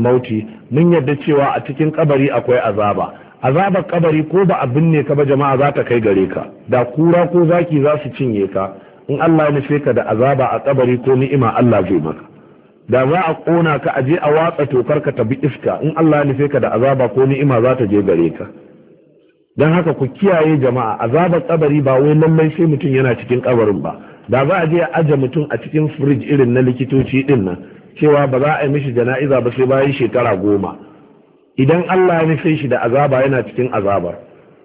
mauti mun yadda cewa a cikin kabari akwai azaba azabar kabari ko ba abin ne ka ba jama'a za ta kai gare ka da kura ko zaki za su cinye ka in Allah ya nufe ka da azaba a kabari ko ni'ima Allah zai maka da za a kona ka aje a watsa tokar ka ta bi iska in Allah ya nufe ka da azaba ko ni'ima za ta je gare ka don haka ku kiyaye jama'a azabar kabari ba wai lallai sai mutum yana cikin kabarin ba da za a je a aje mutum a cikin firij irin na likitoci din nan cewa ba za a yi mishi jana'iza ba sai bayan shekara goma idan Allah ya nufe shi da azaba yana cikin azabar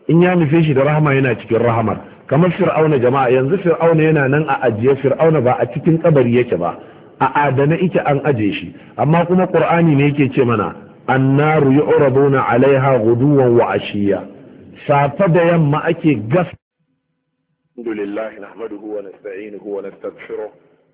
in ya nufe shi da rahama yana cikin rahamar kamar fir'auna jama'a yanzu fir'auna yana nan a ajiye fir'auna ba a cikin kabari yake ba a adana ike an aje shi amma kuma qur'ani ne yake ce mana annaru yu'raduna alaiha ghuduwan wa ashiya safa da yamma ake gas alhamdulillah nahmaduhu wa nasta'inuhu wa nastaghfiruh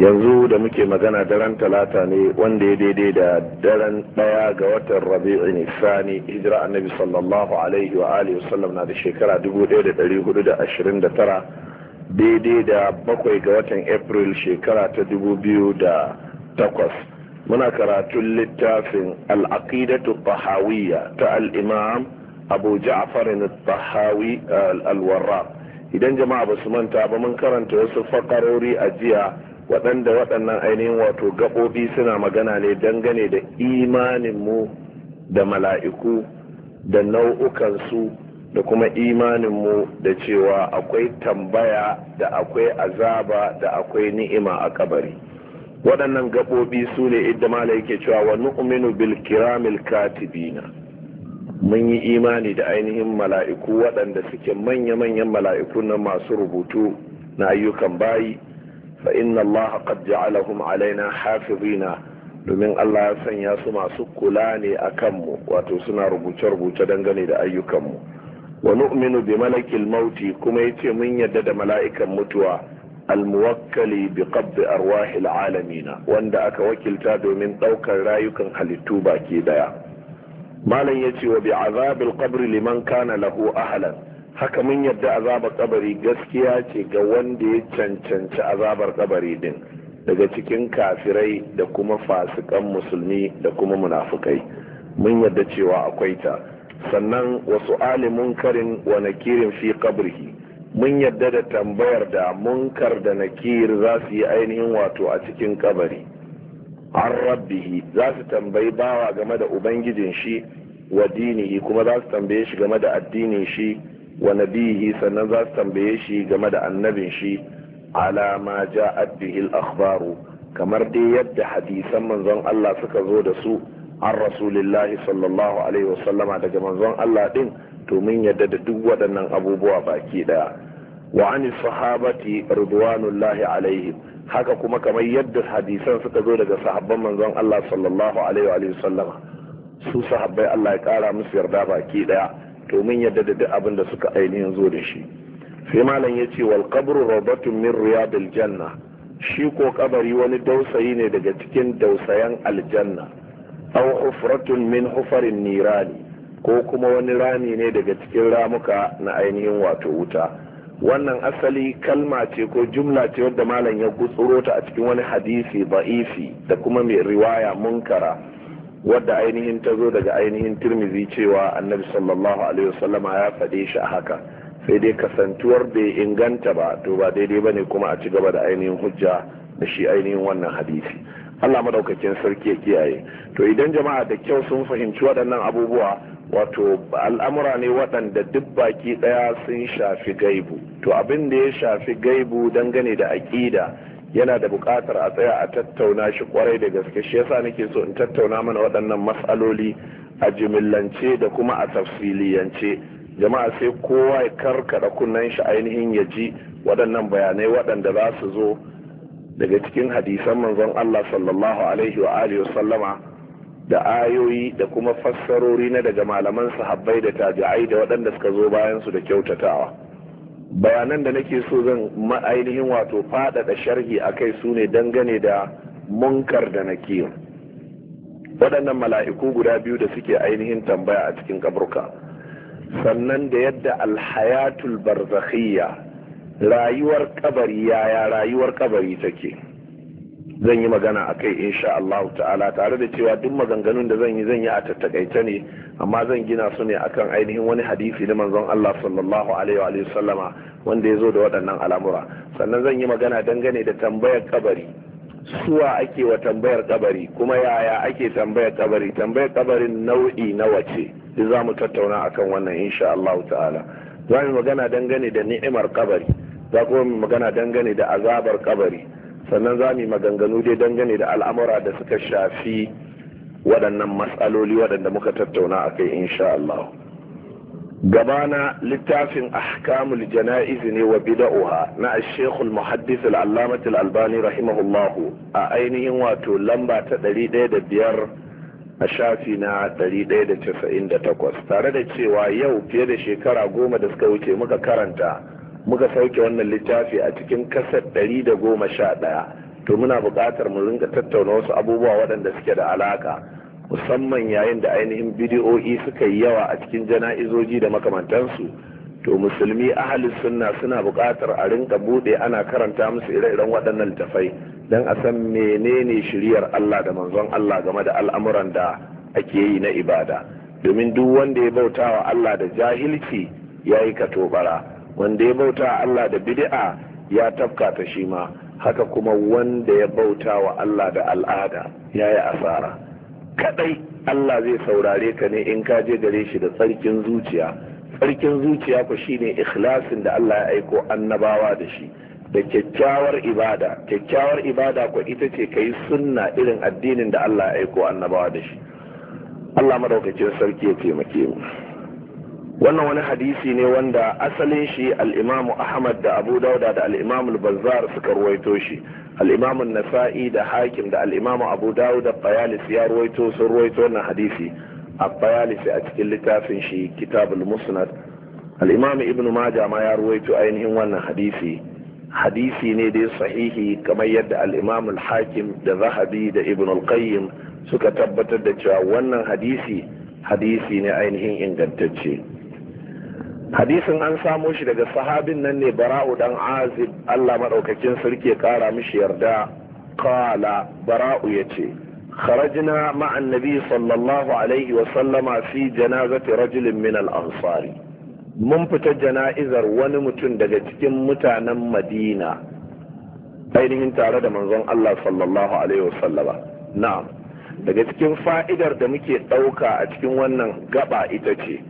yanzu da muke magana daren talata ne wanda ya daidai da daren daya ga watan rabi'u ne sani hijira annabi sallallahu alaihi wa alihi wasallam na da shekara 1429 daidai da bakwai ga watan april shekara ta 2008 muna karatun littafin al'aqidatu tahawiyya ta al'imam abu farin tahawi al idan jama'a ba su manta ba mun karanta wasu fakarori a jiya waɗanda waɗannan ainihin wato gaɓoɓi suna magana ne dangane da imaninmu da mala'iku da nau'ukansu da kuma imaninmu da cewa akwai tambaya da akwai azaba da akwai ni'ima a kabari waɗannan gaɓoɓi su ne idda yake cewa wa nu'minu bil kiramil katibina mun yi imani da ainihin mala'iku waɗanda suke manya-manyan mala'iku na masu rubutu na ayyukan bayi fa inna Allah qad ja'alahum alaina hafizina domin Allah ya sanya su masu kula ne a kanmu wato suna rubuce-rubuce dangane da ayyukanmu wa nu'minu bi malakil mauti kuma yace mun yadda da mala'ikan mutuwa almuwakkali bi qabdi arwahil alamina wanda aka wakilta domin daukar rayukan halittu baki daya malam yace wa bi azabil qabri liman kana lahu ahlan haka mun yadda azabar kabari gaskiya ce ga wanda ya cancanci azabar kabari din daga cikin kafirai da kuma fasikan musulmi da kuma munafukai mun yadda cewa akwai ta sannan wasu alimun karin wa nakirin fi kabrihi mun yadda da tambayar da munkar da nakir za su yi ainihin wato a cikin kabari an rabbihi za su tambayi bawa game da ubangijin shi wa dinihi kuma za su tambaye shi game da addinin shi wa nabihi sannan za su tambaye shi game da annabin shi alama ma ja'at bihi al-akhbaru kamar dai yadda hadisan manzon Allah suka zo da su an rasulillahi sallallahu alaihi wasallama daga manzon Allah din to mun yadda da duk waɗannan abubuwa baki daya wa an sahabati ridwanullahi alaihi. haka kuma kamar yadda hadisan suka zo daga sahabban manzon Allah sallallahu alaihi wa su sahabbai Allah ya kara musu yarda baki daya Domin yadda da duk abin da suka ainihin zo da shi sai malam ya ce wal qabru rawdatun min riyadil janna shi ko kabari wani dausayi ne daga cikin dausayan aljanna aw hufratun min hufarin nirani ko kuma wani rami ne daga cikin ramuka na ainihin wato wuta wannan asali kalma ce ko jumla ce wadda malam ya gutsuro ta a cikin wani hadisi ba'ifi da kuma mai riwaya munkara wadda ainihin ta zo daga ainihin turmizi cewa annabi sallallahu alaihi wasallama ya faɗe shi a haka sai dai kasantuwar bai inganta ba to ba daidai ba ne kuma a ci gaba da ainihin hujja da shi ainihin wannan hadisi Allah madaukakin sarki ya kiyaye to idan jama'a da kyau sun fahimci waɗannan abubuwa wato al'amura ne waɗanda duk baki ɗaya sun shafi gaibu to abin da ya shafi gaibu dangane da aƙida yana da buƙatar a tsaya a tattauna shi kwarai da gaske shi yasa nake so in tattauna mana waɗannan matsaloli a jimillance da kuma a tafsiliyance jama'a sai kowa ya karkada kunnen shi ainihin ya ji waɗannan bayanai waɗanda za su zo daga cikin hadisan manzon Allah sallallahu alaihi wa alihi sallama da ayoyi da kuma fassarori na daga malaman sahabbai da tabi'ai da waɗanda suka zo bayan su da kyautatawa bayanan da nake so zan ma'ainihin wato faɗaɗa sharhi a kai su ne dangane da munkar da nake waɗannan mala'iku guda biyu da suke ainihin tambaya a cikin kaburka sannan da yadda alhayatul barzakhiyya rayuwar kabari yaya rayuwar kabari take zan yi magana a kai insha Allah ta'ala tare da cewa duk maganganun da zan yi zan yi a tattakaita ne amma zan gina su ne akan ainihin wani hadisi na manzon Allah sallallahu alaihi wa sallama wanda ya zo da waɗannan al'amura sannan zan yi magana dangane da tambayar kabari suwa ake wa tambayar kabari kuma yaya ake tambayar kabari tambayar kabarin nau'i nawa ce duk za mu tattauna akan wannan insha Allah ta'ala za mu magana dangane da ni'imar kabari za kuma magana dangane da azabar kabari sannan za mu yi maganganu dai dangane da al'amura da suka shafi waɗannan matsaloli waɗanda muka tattauna a kai insha Allah. gabana littafin ahkamul jana'iz ne wa bida'uha na shekul muhaddis al'allamat albani rahimahullahu a ainihin wato lamba ta ɗari ɗaya da biyar a shafi na ɗari ɗaya da da takwas, tare da cewa yau fiye da shekara goma da suka wuce muka karanta muka sauke wannan littafi a cikin kasar ɗari da goma sha ɗaya to muna buƙatar mu ringa tattauna wasu abubuwa waɗanda suke da alaka musamman yayin da ainihin bidiyo'i suka yi yawa a cikin jana'izoji da makamantansu to musulmi ahli sunna suna buƙatar a ringa buɗe ana karanta musu ire-iren waɗannan littafai don a san menene shiriyar Allah da manzon Allah game da al'amuran da ake yi na ibada domin duk wanda ya bautawa Allah da jahilci ya yi katobara wanda ya bauta Allah da bid'a ya tafka ta shi ma haka kuma wanda ya bauta wa Allah da al'ada ya yi asara kadai Allah zai saurare ka ne in ka je gare shi da tsarkin zuciya tsarkin zuciya ku shine ikhlasin da Allah ya aiko annabawa da shi da kyakkyawar ibada kyakkyawar ibada ku ita ce kai sunna irin addinin da Allah ya aiko annabawa da shi Allah madaukakin sarki ya taimake mu wannan wani hadisi ne wanda asalin shi al'imamu ahmad da abu dauda da al'imamu bazzar suka ruwaito shi al'imamu nasa'i da hakim da al'imamu abu dauda bayalis ya ruwaito sun ruwaito wannan hadisi a bayalis a cikin littafin shi kitabul musnad al'imamu ibnu maja ma ya ruwaito ainihin wannan hadisi hadisi ne dai sahihi kamar yadda al'imamu hakim da zahabi da ibn al suka tabbatar da cewa wannan hadisi hadisi ne ainihin ingantacce hadisin an samo shi daga sahabin nan ne bara'u dan azib Allah madaukakin sarki ya kara mishi yarda qala bara'u yace kharajna ma'a annabi sallallahu alaihi wa sallama fi janazati rajulin min al-ansari mun fita jana'izar wani mutum daga cikin mutanen Madina ainihin tare da manzon Allah sallallahu alaihi wa sallama na'am daga cikin fa'idar da muke dauka a cikin wannan gaba ita ce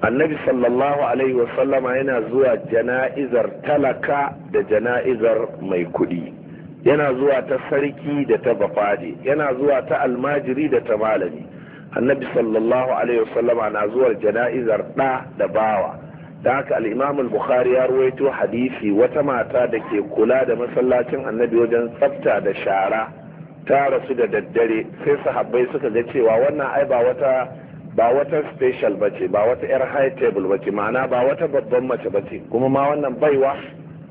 annabi sallallahu alaihi wasallama yana zuwa jana'izar talaka da jana'izar mai kudi yana zuwa ta sarki da ta bafade yana zuwa ta almajiri da ta malami annabi sallallahu alaihi wasallama na zuwa jana'izar ɗa da bawa da haka alimamul bukhari ya ruwaito hadisi wata mata da ke kula da masallacin annabi wajen tsafta da shara ta rasu da daddare sai sahabbai suka ga cewa wannan ai ba wata ba wata special ce ba wata yar high table ce ma'ana ba wata babban mace ce kuma ma wannan baiwa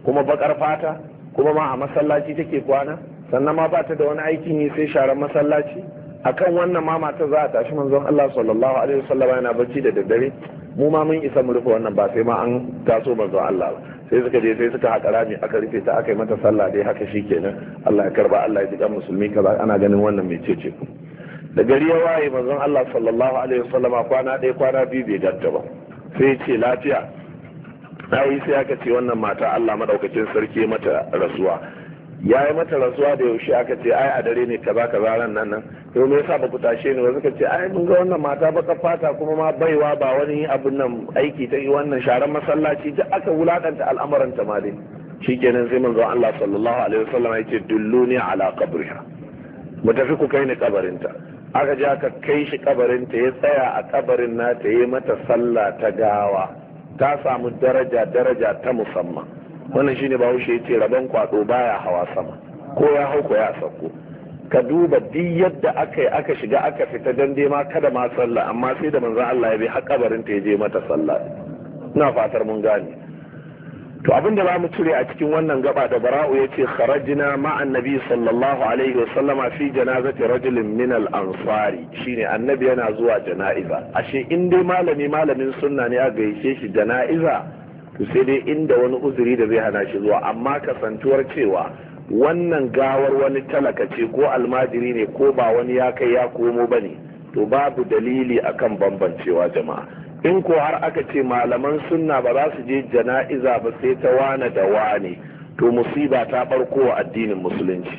kuma bakar fata kuma ma a masallaci take kwana sannan ma ba ta da wani aiki ne sai sharar masallaci akan wannan ma mata za a tashi manzon Allah sallallahu alaihi wasallam yana bacci da daddare mu ma mun isa mu rufe wannan ba sai ma an taso manzon Allah sai suka je sai suka haƙa rami aka rufe ta aka yi mata sallah dai haka kenan. Allah ya karba Allah ya ji musulmi kaza ana ganin wannan mai ku da gari ya waye manzon Allah sallallahu alaihi wasallam kwana ɗaya kwana biyu bai ganta ba sai ce lafiya ai sai aka ce wannan mata Allah madaukakin sarki mata rasuwa ya mata rasuwa da yaushe aka ce ai a dare ne kaza kaza ran nan nan to me yasa ba ku tashe ni ba suka ce ai mun ga wannan mata baka fata kuma ma baiwa ba wani abun nan aiki ta yi wannan sharan masallaci duk aka wulakanta al'amuran ta ma dai shikenan sai manzon Allah sallallahu alaihi wasallam yake dulluni ala qabriha mu tafi ku kai ni kabarinta aka je aka kai shi kabarin ta ya tsaya a kabarin ta yi mata sallah ta gawa ta samu daraja daraja ta musamman wannan shi ne bahaushe ya ce rabon kwado baya hawa sama ko ya hau ko ya sauko ka duba duk yadda aka yi aka shiga aka fita dan dai ma kada ma sallah amma sai da manzon Allah ya bi har ta ya je mata sallah ina fatar mun gane to abin da ba mu cire a cikin wannan gaba da bara'u ya ce kharajina ma annabi sallallahu alaihi wasallama fi janazati rajulin min al-ansari shine annabi yana zuwa jana'iza ashe in dai malami malamin sunna ne a gaishe shi jana'iza to sai dai inda wani uzuri da zai hana shi zuwa amma kasantuwar cewa wannan gawar wani talaka ce ko almajiri ne ko ba wani ya kai ya komo bane to babu dalili akan bambancewa jama'a in ko har aka ce malaman sunna ba za su je jana'iza ba sai ta wane da wane to musiba ta barko wa addinin musulunci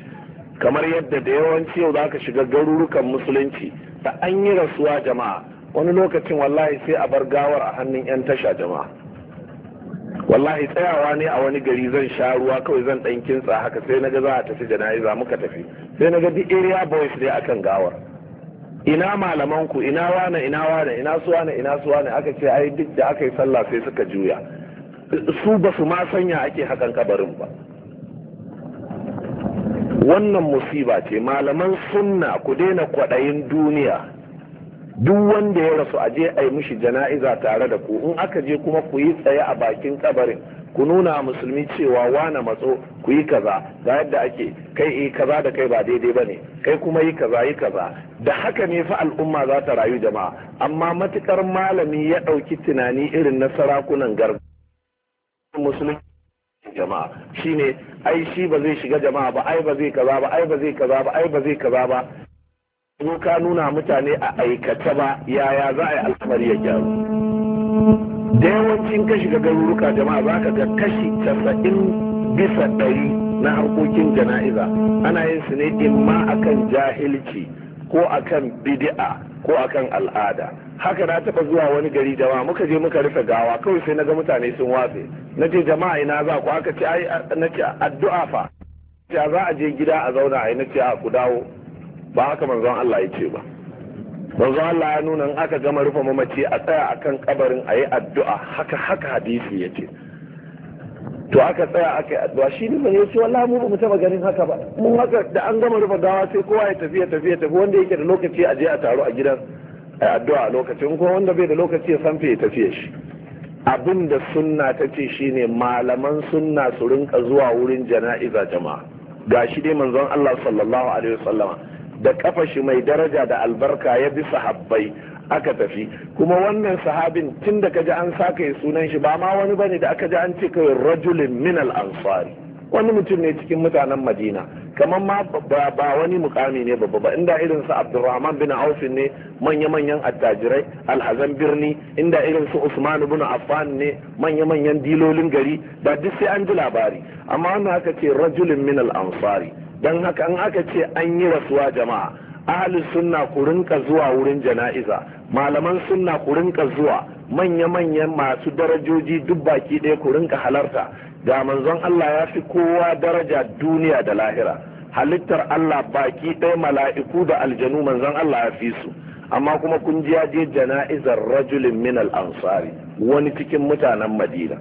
kamar yadda da yawanci yau za ka shiga garurukan musulunci da an yi rasuwa jama'a wani lokacin wallahi sai a bar gawar a hannun 'yan tasha jama'a wallahi tsayawa ne a wani gari zan sha ruwa kawai zan ɗan kintsa haka sai na ga za a tafi jana'iza muka tafi sai na ga duk area boys ne akan gawar ina malamanku ina wane ina wane ina su wane ina su wane aka ce ai duk da aka yi sallah sai suka juya su ba su ma sanya ake hakan kabarin ba wannan musiba ce malaman sunna ku daina kwaɗayin duniya duk wanda ya rasu aje a yi mishi jana'iza tare da ku in aka je kuma ku yi tsaye a bakin kabarin ku nuna musulmi cewa wane matso ku yi kaza ga yadda ake kai yi eh, kaza da kai ba daidai ba ne kai kuma yi kaza yi kaza da haka ne fa al'umma za ta rayu jama'a amma matukar malami ya ɗauki tunani irin na sarakunan gargajiya musulmi jama'a shine ai shi ba zai shiga jama'a ba ai ba zai kaza ba ai ba zai kaza ba ai ba zai kaza ba zo ka nuna mutane a aikace ba yaya za a yi alfahari ya gyaru da yawancin kashi ga garuruka jama'a za ka ga kashi casa'in bisa ɗari na harkokin jana'iza ana yin su ne imma akan jahilci ko akan bidi'a, ko akan al'ada haka na taba zuwa wani gari jama'a muka je muka rufe gawa kawai sai na ga mutane sun watse na ce jama'a ina za ku aka ce ai na ce addu'a fa za a je gida a zauna ai na ce a ku dawo ba haka manzon Allah ya ce ba manzo Allah ya nuna in aka gama rufe mamaci a tsaya akan kabarin ayi addu'a haka haka hadisi ce. to aka tsaya aka yi addu'a shi ne ya ce wallahi mu ba mu taba ganin haka ba mun haka da an gama rufe gawa sai kowa ya tafi ya tafi ya tafi wanda yake da lokaci a je a taro a gidan ai addu'a a lokacin ko wanda bai da lokaci ya sanfe ya tafi ya shi abin da sunna ta ce shine malaman sunna su rinka zuwa wurin jana'iza jama'a shi dai manzon Allah sallallahu alaihi wasallama da kafa shi mai daraja da albarka ya bi sahabbai aka tafi kuma wannan sahabin tun da kaji an saka yi sunan shi ba ma wani bane da aka ji an ce kai rajulin min al ansari wani mutum ne cikin mutanen madina kamar ma ba wani mukami ne babba ba inda irin su abdurrahman bin auf ne manya-manyan attajirai alhazan birni inda irin su usman bin affan ne manya-manyan dilolin gari da duk sai an ji labari amma wannan aka ce rajulin min al ansari don haka an aka ce an yi rasuwa jama'a ahalin sunna ku rinka zuwa wurin jana'iza malaman sunna ku rinka zuwa manya-manyan masu darajoji duk baki ɗaya ku rinka halarta ga manzon Allah ya fi kowa daraja duniya da lahira halittar Allah baki ɗaya mala'iku da aljanu manzon Allah ya fi su amma kuma kun ji je jana'izar rajulin min al-ansari wani cikin mutanen Madina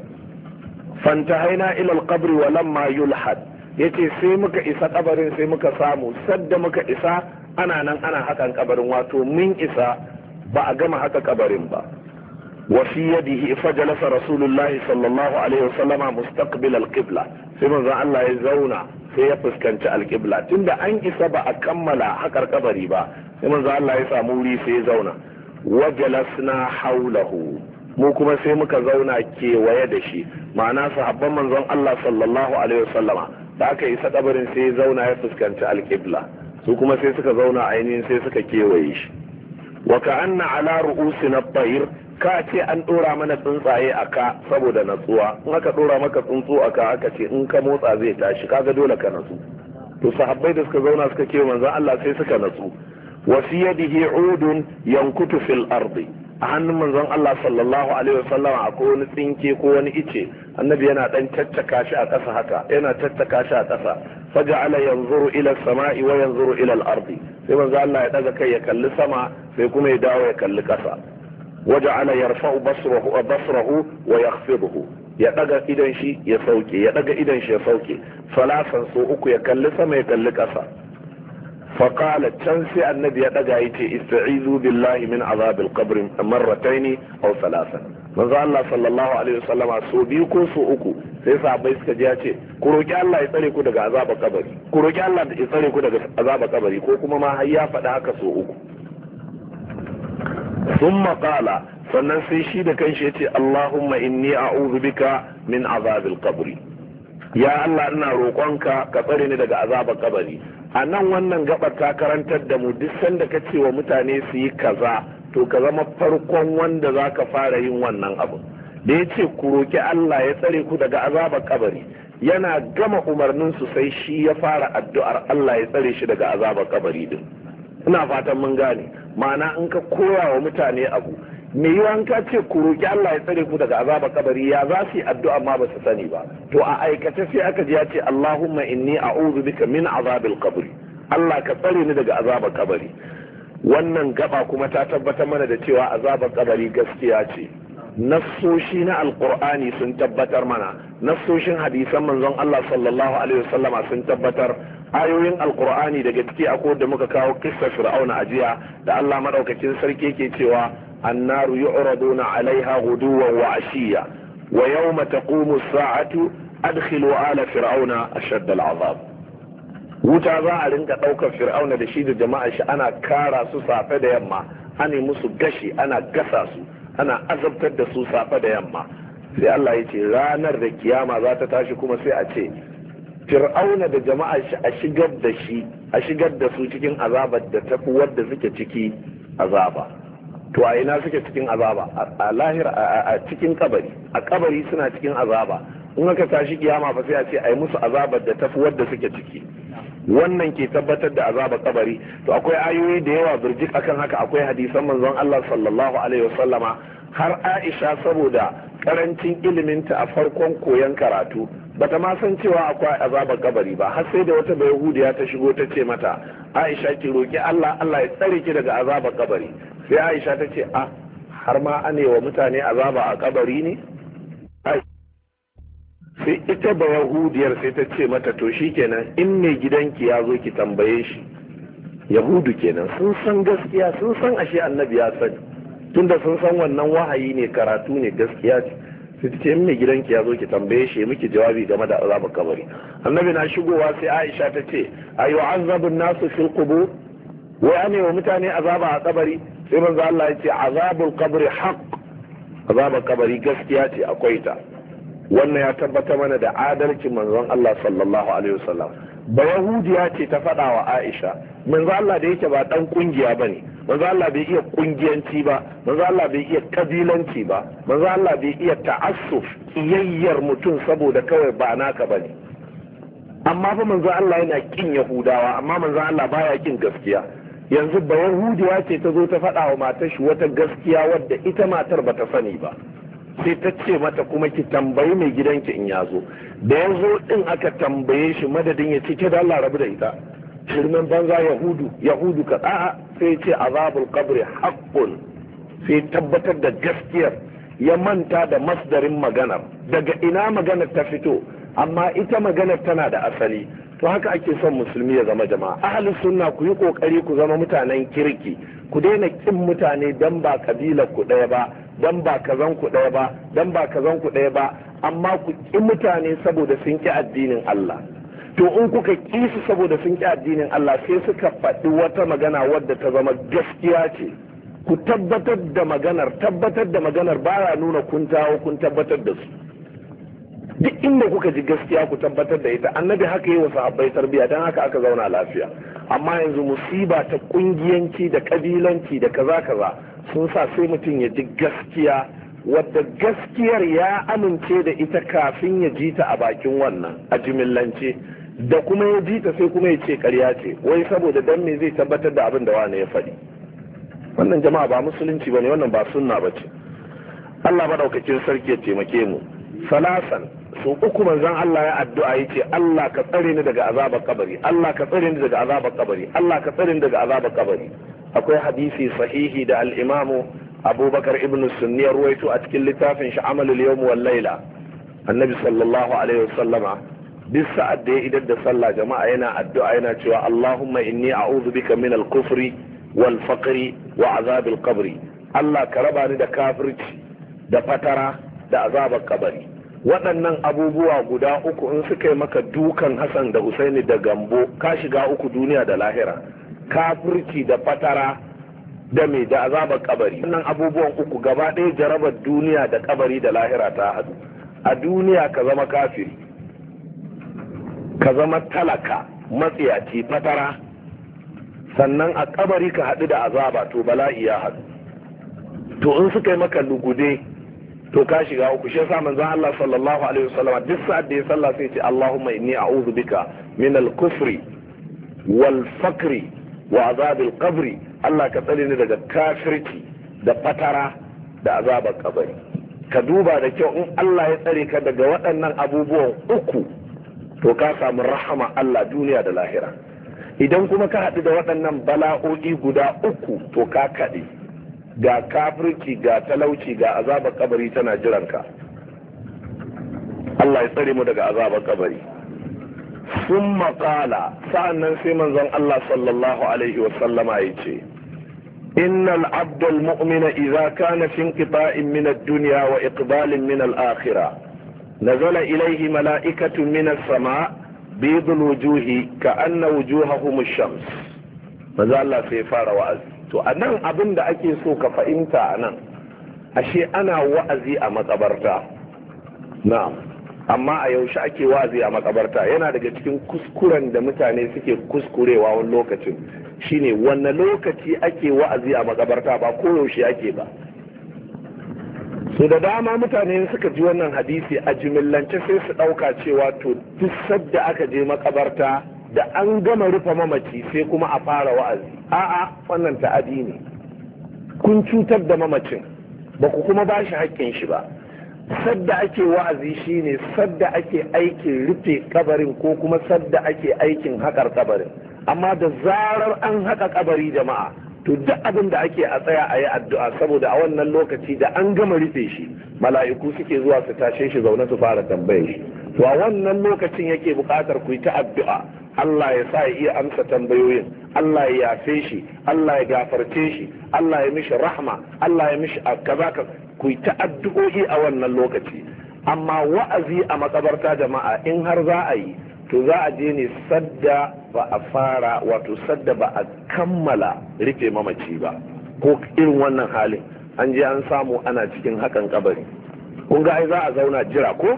fantahaina ila al-qabri wa lamma yulhad ya ce sai muka isa kabarin sai muka samu sadda muka isa ana nan ana hakan kabarin wato mun isa ba a gama haka kabarin ba وفي يده ifa jalasa الله sallallahu alaihi wa sallama mustaqbil alqibla sai manzo Allah ya zauna sai ya fuskanci alqibla tunda an isa ba a kammala hakar kabari ba sai manzo Allah ya samu wuri sai ya zauna jalasna hawlahu mu kuma sai muka zauna kewaye da shi ma'ana sahabban manzon Allah sallallahu alaihi wasallama da aka isa ɗabarin sai ya zauna ya fuskanci alƙibla su kuma sai suka zauna ainihin sai suka kewaye shi wa ka anna ala ru'usi na bayir ka ce an ɗora mana tsuntsaye a ka saboda natsuwa in aka ɗora maka tsuntsu a ka aka ce in ka motsa zai tashi kaga dole ka natsu to sahabbai da suka zauna suka kewaye manzon Allah sai suka natsu wasiyadihi udun yankutu fil ardi a hannun manzon Allah sallallahu alaihi wasallam akwai wani tsinke ko wani ice annabi yana dan caccaka shi a ƙasa haka yana caccaka shi a ƙasa faja'ala yanzuru ila samai wa yanzuru ila al-ardi sai manzon Allah ya daga kai ya kalli sama sai kuma ya dawo ya kalli ƙasa waja'ala yarfa'u basrahu basrahu wa yakhfiduhu ya daga idan shi ya sauke ya daga idan shi ya sauke salasan so uku ya kalli sama ya kalli ƙasa faƙala can sai annabi ya ɗaga ya ce ista'izu billahi min azabil qabr marrataini aw salasan manzo Allah sallallahu alaihi wasallama so biyu ko so uku sai sahabbai suka ji ya ce ku roki Allah ya tsare ku daga azabar kabari ku roki Allah ya tsare ku daga azabar kabari ko kuma ma har ya faɗa haka so uku thumma qala sannan sai shi da kanshi ya ce Allahumma inni a'udhu bika min azabil qabri ya Allah ina roƙonka ka tsare ni daga azabar kabari a nan wannan gabar ta karantar da mu duk sanda ka ce wa mutane su yi kaza to ka zama farkon wanda za ka fara yin wannan abu da ya ce ku roki Allah ya tsare ku daga azabar kabari yana gama umarnin su sai shi ya fara addu'ar Allah ya tsare shi daga azabar kabari din ina fatan mun gane ma'ana in ka koya wa mutane abu me yi wanka ce ku roƙi Allah ya tsare ku daga azabar kabari ya za su yi addu'a ma ba su sani ba to a aikace sai aka ji ya ce Allahumma inni a'udhu bika min azabil qabri Allah ka tsare ni daga azabar kabari wannan gaba kuma ta tabbatar mana da cewa azabar kabari gaskiya ce nassoshi na alkur'ani sun tabbatar mana nassoshin hadisan manzon Allah sallallahu alaihi wasallama sun tabbatar ayoyin alkur'ani daga ciki akwai da muka kawo kissa fir'auna a jiya da Allah madaukakin sarki ke cewa النار يعرضون Wa غدوا وعشيا ويوم تقوم الساعة أدخلوا Fir'auna فرعون أشد العذاب wuta za a rinka ɗaukar fir'auna da shi da jama'a shi ana kara su safe da yamma ani musu gashi ana gasa su ana azabtar da su safe da yamma sai Allah ya ce ranar da kiyama za ta tashi kuma sai a ce fir'auna da jama'a shi a shigar da shi a shigar da su cikin azabar da tafi wadda suke ciki azaba to a ina suke cikin azaba a lahira a cikin kabari a kabari suna cikin azaba in aka tashi kiyama fa sai a ce ai musu azabar da tafi wadda suke ciki wannan ke tabbatar da azabar kabari to akwai ayoyi da yawa birjik akan haka akwai hadisan manzon Allah sallallahu alaihi wasallama har Aisha saboda karancin ilimin ta a farkon koyon karatu bata ma san cewa akwai azabar kabari ba har sai da wata bayahudiya ta shigo ta ce mata Aisha ki roki Allah Allah ya tsare ki daga azabar kabari sai aisha ta ce a ah, har ma ane wa mutane azaba a kabari ne sai ita ba yahudiyar sai ta ce mata to shi kenan in mai gidanki ya zo ki tambaye shi yahudu kenan sun san gaskiya sun san ashe annabi ya sani tunda sun san wannan wahayi ne karatu ne gaskiya ce sai ta ce in mai gidanki ya zo ki tambaye shi miki jawabi game da azabar kabari annabi na shigowa sai aisha ta ce ayu azabun nasu fil qubur wai ane wa mutane azaba a kabari sai manzo Allah yace azabul qabri haqq azabul kabari gaskiya ce akwai ta wannan ya tabbata mana da adalci manzon Allah sallallahu alaihi wasallam ba yahudiya ce ta faɗawa wa Aisha manzo Allah da yake ba dan kungiya bane manzo Allah bai iya kungiyanci ba manzo Allah bai iya kabilanci ba manzo Allah bai iya ta'assuf kiyayyar mutum saboda kawai ba naka bane amma fa manzo Allah yana kin Yahudawa amma manzo Allah baya kin gaskiya yanzu bayan yahudiya ce ta zo ta faɗa wa matar shi wata gaskiya wadda ita matar ba ta sani ba sai ta ce mata kuma ki tambayi mai gidanki in ya zo da ya zo din aka tambaye shi madadin ya ce ke da Allah rabu da ita Shirmin banza yahudu yahudu ka a'a sai ce azabul qabri haqqun sai tabbatar da gaskiyar ya manta da masdarin maganar daga ina maganar ta fito amma ita maganar tana da asali to haka ake son musulmi ya zama jama'a ahalin sunna ku yi kokari ku zama mutanen kirki ku daina kin mutane dan ba kabila ku ɗaya ba dan ba kazan ku ɗaya ba dan ba kazan ku ɗaya ba amma ku kin mutane saboda sun ki addinin Allah to in kuka ki su saboda sun ki addinin Allah sai suka faɗi wata magana wadda ta zama gaskiya ce ku tabbatar da maganar tabbatar da maganar baya nuna kun jawo kun tabbatar da su duk inda kuka ji gaskiya ku tabbatar da ita annabi haka yi wa sahabbai tarbiya don haka aka zauna lafiya amma yanzu musiba ta kungiyanci da kabilanci da kaza kaza sun sa sai mutum ya ji gaskiya wadda gaskiyar ya amince da ita kafin ya ji ta a bakin wannan a jimillance da kuma ya ji ta sai kuma ya ce karya ce wai saboda dan me zai tabbatar da abin da wani ya faɗi wannan jama'a ba musulunci ne, wannan ba sunna bace Allah madaukakin sarki ya taimake mu salasan so uku manzon Allah ya addu'a yace Allah ka tsare ni daga azabar kabari Allah ka tsare ni daga azabar kabari Allah ka tsare ni daga azabar kabari akwai hadisi sahihi da al-Imam Abubakar ibn Sunni ruwaito a cikin littafin shi Amalul Yawm wal layla Annabi sallallahu alaihi wasallama duk sa'ad da ya idar da sallah jama'a yana addu'a yana cewa Allahumma inni a'udhu bika min al-kufri wal faqri wa azabil qabri Allah ka raba ni da kafirci da fatara da azabar kabari waɗannan abubuwa guda uku in suka yi maka dukan hassan da husaini da gambo ka shiga uku duniya da lahira kafirci da fatara da mai da azabar kabari wannan abubuwan uku gaba ɗaya jarabar duniya da kabari da lahira ta hadu. a duniya ka zama kafiri ka zama talaka matsiyaci fatara sannan a kabari ka haɗu da azaba to bala'i ya hadu. to in suka yi maka lugude to ka shiga uku shi yasa manzon Allah sallallahu alaihi wasallam duk sa'ad da ya sallah sai ce Allahumma inni a'udhu bika min al-kufri wal fakri wa azab al-qabri Allah ka tsare ni daga kafirci da fatara da azabar kabari ka duba da kyau in Allah ya tsare ka daga waɗannan abubuwan uku to ka samu rahama Allah duniya da lahira idan kuma ka haɗu da waɗannan bala'o'i guda uku to ka kaɗe ga kafirci ga talauci ga azabar kabari tana jiranka Allah ya tsare mu daga azabar kabari sun maƙala sa'annan sai manzon Allah sallallahu alaihi wasallama ya ce innal abdul mu'mina idza kana fi inqita'in min ad-dunya wa iqbalin min al-akhirah nazala ilayhi mala'ikatu min as-sama' bidul wujuhi ka'anna wujuhahum ash-shams maza Allah sai fara wa'azi to a nan abin da ake so ka fahimta a nan ashe ana wa'azi a makabarta na amma a yaushe ake wa'azi a makabarta yana daga cikin kuskuren da mutane suke kuskurewa wani lokacin shine wanne lokaci ake wa'azi a makabarta ba ko yaushe ake ba so da dama mutane suka ji wannan hadisi a jimillance sai su ɗauka cewa to duk sadda aka je makabarta da an gama rufe mamaci sai kuma a fara wa'azi a'a wannan ta'adi ne kun cutar da mamacin ba ku kuma ba shi haƙƙin shi ba sadda ake wa'azi shi ne sadda ake aikin rufe kabarin ko kuma sadda ake aikin haƙar kabarin amma da zarar an haƙa kabari jama'a to duk abin da ake a tsaya a yi addu'a saboda a wannan lokaci da an gama rufe shi mala'iku suke zuwa su tashe shi zaune su fara tambayar shi to a wannan lokacin yake buƙatar ku yi ta addu'a Allah ya sa ya iya amsa tambayoyin Allah ya yafe shi Allah ya gafarce shi Allah ya mishi rahma Allah ya mishi kaza ka ku yi ta addu'o'i a wannan lokaci amma wa'azi a makabarta jama'a in har za a yi to za a je ne sadda ba a fara wato sadda ba a kammala rufe mamaci ba ko irin wannan halin an je an samu ana cikin hakan kabari kun ga ai za a zauna jira ko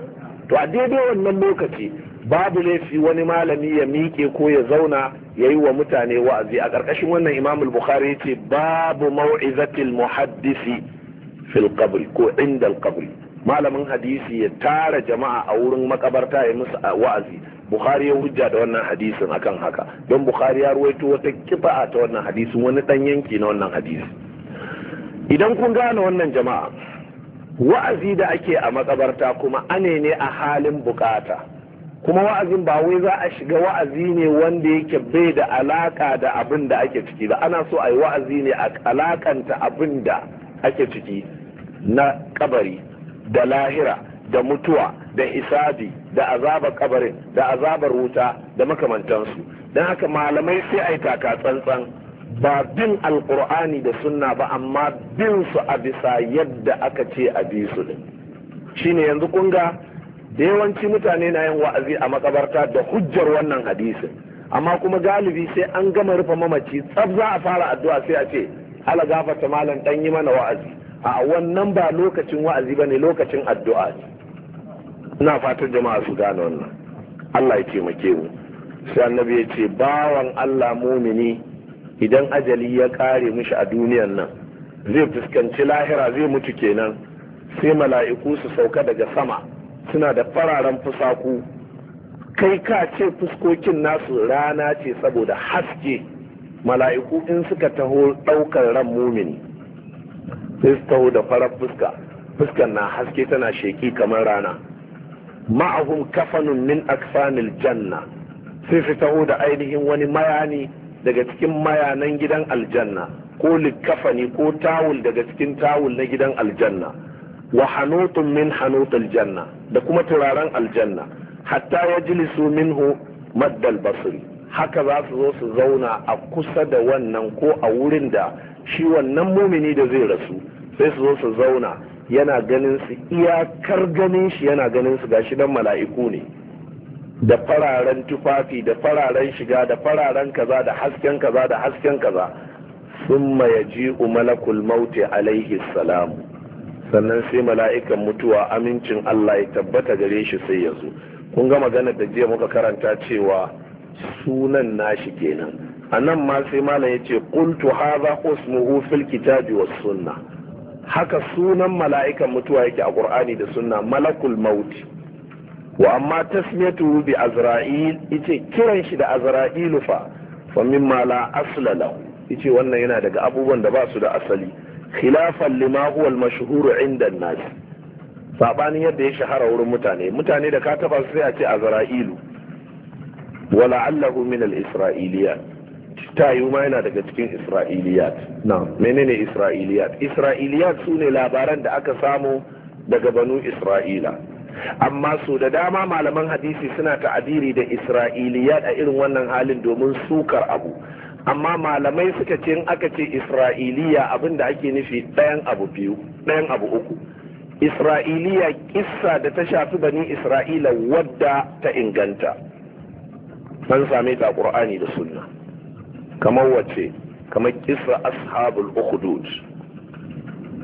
to a daidai wannan lokaci babu laifi wani malami ya miƙe ko ya zauna ya yi wa mutane wa'azi a ƙarƙashin wannan imam bukhari ce babu mau'izatil muhaddisi fil qabri ko inda al malamin hadisi ya tara jama'a a wurin makabarta ya musu wa'azi bukhari ya hujja da wannan hadisin akan haka don bukhari ya ruwaito wata a ta wannan hadisin wani dan yanki na wannan hadisi idan kun gane wannan jama'a wa'azi da ake a makabarta kuma ane ne a halin bukata kuma wa'azin ba wai za a shiga wa'azi ne wanda yake bai da alaka da abin da ake ciki ba ana so a yi wa'azi ne a alakanta abin da ake ciki na kabari da lahira da mutuwa da isabi da azabar kabarin da azabar wuta da makamantansu don haka malamai sai a yi taka tsantsan ba bin alkur'ani da sunna ba amma bin su a bisa yadda aka ce a bi su din shine yanzu kunga da yawanci mutane na yin wa'azi a makabarta da hujjar wannan hadisin amma kuma galibi sai an gama rufe mamaci tsab za a fara addu'a sai a ce ala gafarta malam dan yi mana wa'azi a wannan ba lokacin wa'azi bane lokacin addu'a ina fatan jama'a su gane wannan Allah ya taimake mu sai annabi ya ce bawan Allah mumini idan ajali ya kare mishi a duniyan nan zai fuskanci lahira zai mutu kenan sai mala'iku su sauka daga sama suna da fararen fusaku kai ka ce fuskokin nasu rana ce saboda haske mala'iku in suka taho ɗaukar ran mumini sai su taho da farar fuska fuskan na haske tana sheki kamar rana ma'ahum kafanun min aksanil janna sai fi taho da ainihin wani mayani daga cikin mayanan gidan aljanna ko likafani ko tawul daga cikin tawul na gidan aljanna wa hanutun min hanut janna da kuma turaren aljanna hatta ya jilisu minhu maddal basri haka za su zo su zauna a kusa da wannan ko a wurin da shi wannan mumini da zai rasu sai su zo su zauna yana ganin su iyakar ganin shi yana ganin su gashi dan mala'iku ne da fararen tufafi da fararen shiga da fararen kaza da hasken kaza da hasken kaza summa mayaji malakul mauti alaihi salam sannan sai mala'ikan mutuwa amincin Allah ya tabbata gare shi sai ya zo kun ga maganar da jiya muka karanta cewa sunan nashi kenan anan ma sai malam yace qultu hadha usmuhu fil kitabi was sunnah haka sunan mala'ikan mutuwa yake a ƙur'ani da sunna malakul mauti wa amma tasmiyatu bi azra'il yace kiran shi da azra'ilu fa fa mimma la asla lahu yace wannan yana daga abubuwan da ba su da asali khilafan lima huwa al-mashhur 'inda an-nas sabanin yadda ya shahara wurin mutane mutane da ka taba sai a ce azra'ilu Wala allahu min al-isra'iliyan ta yi ma yana daga cikin isra'iliyat menene isra'iliyat isra'iliyat su ne labaran da aka samu daga banu isra'ila amma su da dama malaman hadisi suna ta'adiri da isra'iliyat a irin wannan halin domin sukar abu amma malamai suka ce in aka ce isra'iliya abin da ake nufi ɗayan abu biyu ɗayan abu uku isra'iliya kissa da ta shafi bani isra'ila wadda ta inganta an same ta ƙur'ani da sunna kamar wace kamar kisa ashabul ukhdud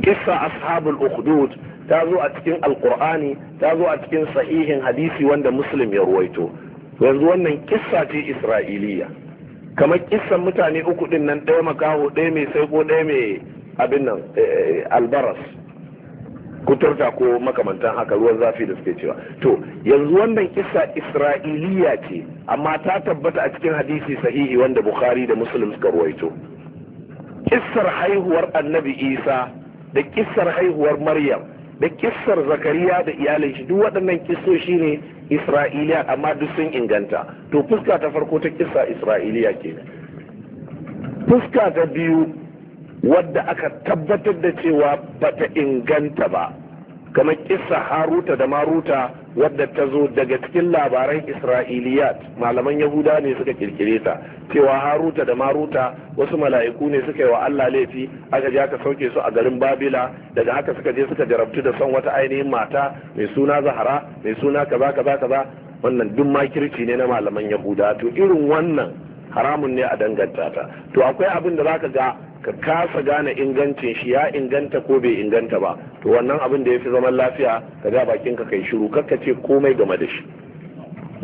kisa ashabul ukhdud ta zo a cikin alqur'ani ta zo a cikin sahihin hadisi wanda muslim ya ruwaito yanzu wannan kissa ce isra'iliya kamar kissan mutane uku din nan ɗaya makaho ɗaya mai saiko ɗaya mai abin nan eh, eh, albaras kuturta ko makamantan haka ruwan zafi da suke cewa to yanzu wannan kisa isra'iliya ce amma ta tabbata a cikin hadisi sahihi wanda bukhari da muslim suka ruwaito kissar haihuwar annabi isa da kissar haihuwar maryam da kissar zakariya da iyalin shi duk waɗannan kissoshi ne isra'iliya amma duk sun inganta to fuska ta farko ta kisa isra'iliya ke. fuska ta biyu wadda aka tabbatar da cewa bata inganta ba kamar kissa haruta da maruta wadda ta zo daga cikin labaran isra'iliyat malaman yahuda ne suka kirkire ta cewa haruta da maruta wasu mala'iku ne suka yi wa allah laifi aka je aka sauke su a garin babila daga haka suka je suka jarabtu da son wata ainihin mata mai suna zahara mai suna kaza kaza kaza wannan duk makirci ne na malaman yahuda to irin wannan haramun ne a danganta ta to akwai abin da za ka ga ka kasa gane ingancin shi ya inganta ko bai inganta ba to wannan abin da ya fi zaman lafiya ka ga bakin ka kai shiru kakka ce komai game da shi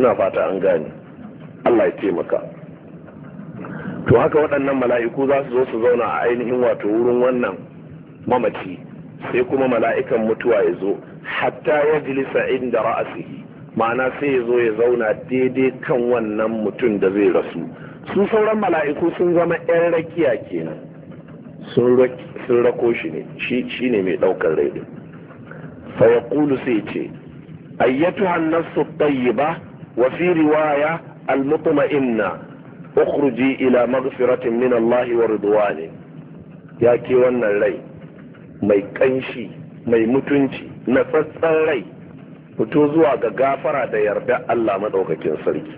ina fata an gane Allah ya taimaka to haka waɗannan mala'iku za su zo su zauna a ainihin wato wurin wannan mamaci sai kuma mala'ikan mutuwa ya zo hatta ya jilisa inda ra'asihi ma'ana sai ya zo ya zauna daidai kan wannan mutum da zai rasu su sauran mala'iku sun zama 'yan rakiya kenan sun rako shi ne shi ne mai ɗaukar rai din fa kulu sai ce ayyatu an-nafsu at-tayyiba wa fi riwaya al-mutma'inna ukhruji ila maghfiratin min Allah wa ridwani ya ke wannan rai mai kanshi mai mutunci na tsatsan rai fito zuwa ga gafara da yarda Allah maɗaukakin sarki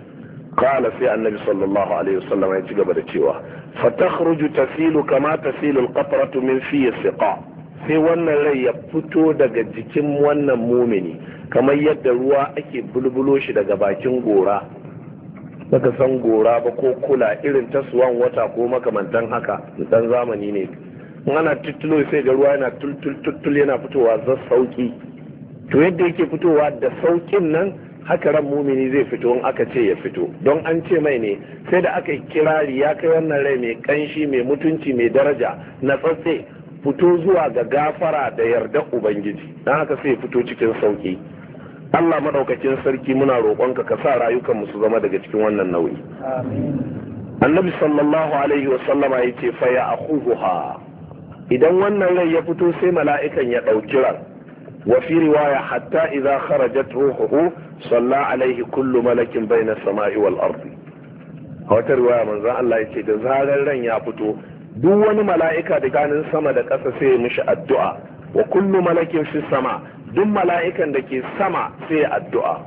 قال في النبي صلى الله عليه وسلم يتجب لتيوه فتخرج تسيل كما تسيل القطرة من في السقاء sai wannan rai ya fito daga jikin wannan mumini kamar yadda ruwa ake bulbulo shi daga bakin gora baka san gora ba ko kula irin ta suwan wata ko makamantan haka dan zamani ne ana tuttulo sai ga ruwa yana tultul yana fitowa za sauki to yadda yake fitowa da saukin nan haka ran mumini zai fito in aka ce ya fito don an ce mai ne sai da aka kirari ya kai wannan rai mai kanshi mai mutunci mai daraja na tsatse fito zuwa ga gafara da yarda ubangiji don haka sai fito cikin sauki Allah madaukakin sarki muna roƙonka ka sa rayukan su zama daga cikin wannan nauyi annabi sallallahu alaihi wa sallama ce fa ya akhuha idan wannan rai ya fito sai mala'ikan ya ɗauki ran wa fi riwaya hatta idza kharajat ruhuhu salla alaihi kullu bai na sama'i wal ardi a wata riwaya manzon Allah ya ce da zarar ran ya fito duk wani mala'ika da ganin sama da ƙasa sai ya mishi addu'a wa kullu malakin fi sama duk mala'ikan da ke sama sai ya addu'a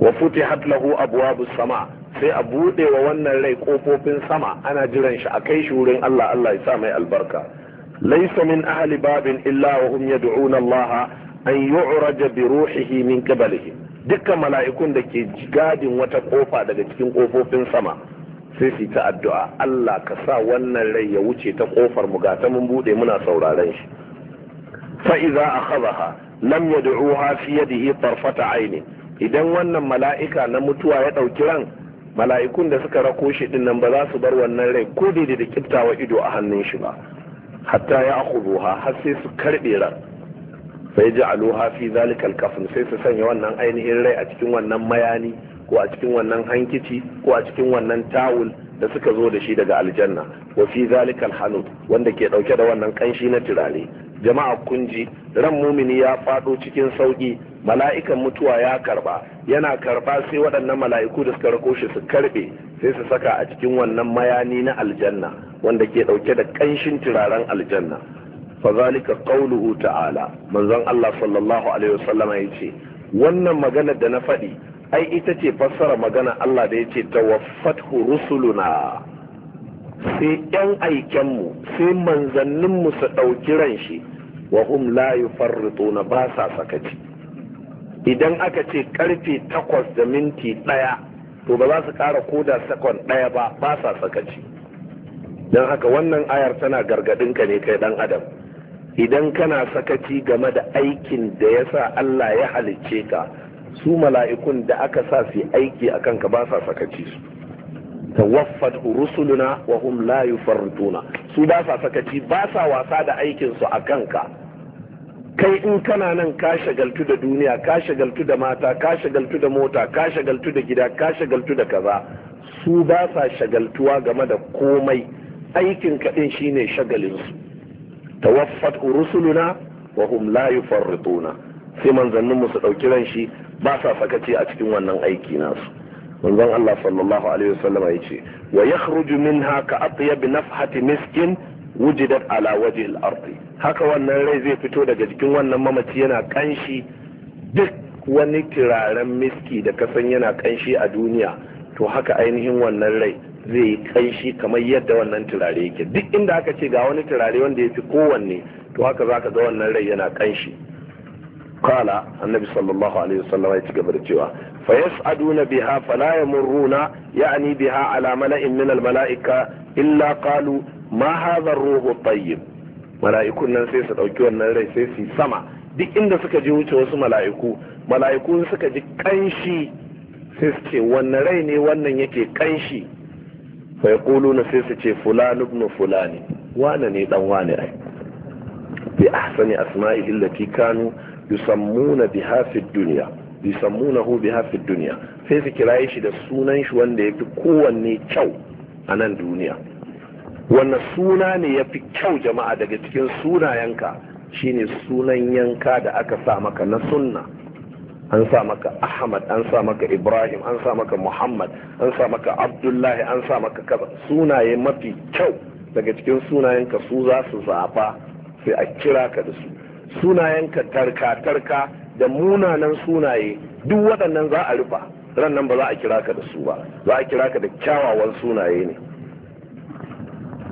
wa futihat lahu abwabu sama sai a buɗewa wa wannan rai ƙofofin sama ana jiran shi a kai shi wurin Allah Allah ya sa mai albarka laysa min ahli babin illa wa hum yad'una Allah an yu'raja bi ruhihi min qablihi dukkan mala'ikun da ke gadin wata kofa daga cikin kofofin sama sai su ta addu'a Allah ka sa wannan rai ya wuce ta kofar mu ga ta mun bude muna sauraren shi fa idza akhadha lam yad'uha fi yadihi tarfata aini idan wannan mala'ika na mutuwa ya dauki ran mala'ikun da suka rako shi din nan ba za su bar wannan rai ko da da kiftawa ido a hannun shi ba hatta ya akhuduha har sai su karbe ran sai ji aluha fi zalikal kafin sai su sanya wannan ainihin rai a cikin wannan mayani ko a cikin wannan hankici ko a cikin wannan tawul da suka zo da shi daga aljanna wa fi zalikal hanud wanda ke dauke da wannan kanshi na turare jama'a kunji ran mumini ya fado cikin sauki mala'ikan mutuwa ya karba yana karba sai waɗannan mala'iku da suka rako shi su karbe sai su saka a cikin wannan mayani na aljanna wanda ke dauke da kanshin turaren aljanna fazalika qawluhu ta'ala manzon Allah sallallahu alaihi wasallama yace wannan magana da na faɗi ai ita ce fassara magana Allah da yace tawaffathu rusuluna sai yan aikenmu sai manzanninmu su ɗauki ran shi wa hum la yufarrituna ba sa sakaci idan aka ce karfe takwas da minti ɗaya to ba za su ƙara koda sakon ɗaya ba ba sa sakaci don haka wannan ayar tana gargaɗinka ne kai ɗan adam idan kana sakaci game da aikin da ya sa Allah ya halicce ka su mala'ikun da aka sa su aiki a kanka ba sa sakaci su tawaffat rusuluna wa hum la yufarrituna su ba sa sakaci ba sa wasa da aikin su a kanka kai in kana nan ka shagaltu da duniya ka shagaltu da mata ka shagaltu da mota ka shagaltu da gida ka shagaltu da kaza su ba sa shagaltuwa game da komai aikin kaɗin shine shagalinsu tawaffat rusuluna wa hum la yufarrituna sai manzannin mu su dauki ran shi ba sa sakaci a cikin wannan aiki nasu manzon Allah sallallahu alaihi wasallam ya ce wa yakhruju minha ka atyab nafhati miskin wujidat ala wajhi al-ard haka wannan rai zai fito daga jikin wannan mamaci yana kanshi duk wani turaren miski da kasan yana kanshi a duniya to haka ainihin wannan rai zai yi kanshi kamar yadda wannan turare yake duk inda aka ce ga wani turare wanda ya fi kowanne to haka za ka ga wannan rai yana kanshi kala annabi sallallahu alaihi wasallam ya ci gaba da cewa fa yas'aduna biha fala yamurruna ya'ni biha ala mala'in min al mala'ika illa qalu ma hadha ar-ruhu tayyib mala'ikun nan sai su dauki wannan rai sai su sama duk inda suka ji wuce wasu mala'iku mala'iku suka ji kanshi sai su ce wannan rai ne wannan yake kanshi fa na sai su ce fulan ibn fulani wane ne dan wane ai bi ahsani asma'i allati kanu yusammuna biha fi dunya yusammunahu biha fi dunya sai su kira shi da sunan shi wanda yafi kowanne kyau a nan duniya wannan suna ne yafi kyau jama'a daga cikin sunayenka shine sunan yanka da aka sa maka na sunna an sa maka ahmad an sa maka ibrahim an sa maka muhammad an sa maka abdullahi an sa maka kaza sunaye mafi kyau daga cikin sunayenka su za su zafa sai a kira ka da su sunayenka tarka tarka da munanan sunaye duk waɗannan za a rufa ran nan ba za a kira ka da su ba za a kira ka da kyawawan sunaye ne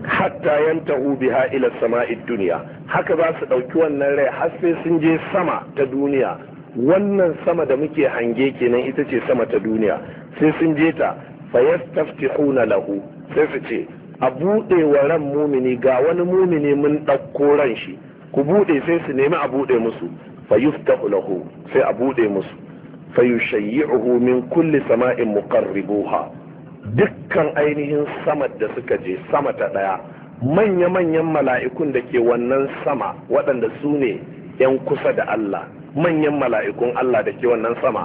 hatta yantahu biha ila sama'id duniya haka za su ɗauki wannan rai har sai sun je sama ta duniya wannan sama da muke hange kenan ita ce sama ta duniya sai sun je ta fayastaftihuna lahu sai su ce a buɗe wa ran mumini ga wani mumini mun ɗauko ran shi ku buɗe sai su nemi a buɗe musu fayuftahu lahu sai a buɗe musu fayushayyi'uhu min kulli sama'in muqarribuha dukkan ainihin sama da suka je sama ta ɗaya manya-manyan mala'ikun da ke wannan sama waɗanda su ne 'yan kusa da Allah manyan mala'ikun Allah da ke wannan sama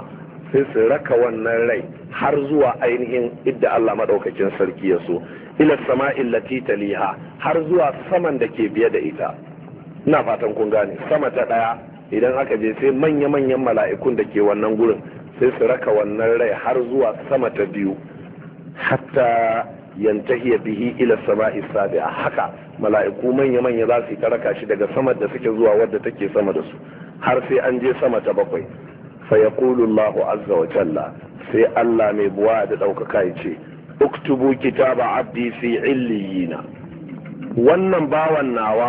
sai su raka wannan rai har zuwa ainihin idda Allah maɗaukacin sarki ya so ila sama'il lati taliha har zuwa saman da ke biye da ita ina fatan kun gane sama ta ɗaya. idan aka je sai manya-manyan mala'ikun da ke wannan gurin sai su raka wannan rai har zuwa sama ta biyu hatta yantahiya bihi ila sama'i sabi'a haka mala'iku manya-manya za su karaka shi daga sama da suke zuwa wadda take sama da su har sai an je sama ta bakwai fa yaqulu Allahu azza wa jalla sai Allah mai buwa da ɗaukaka ya ce uktubu kitaba abdi fi illiyina wannan bawan nawa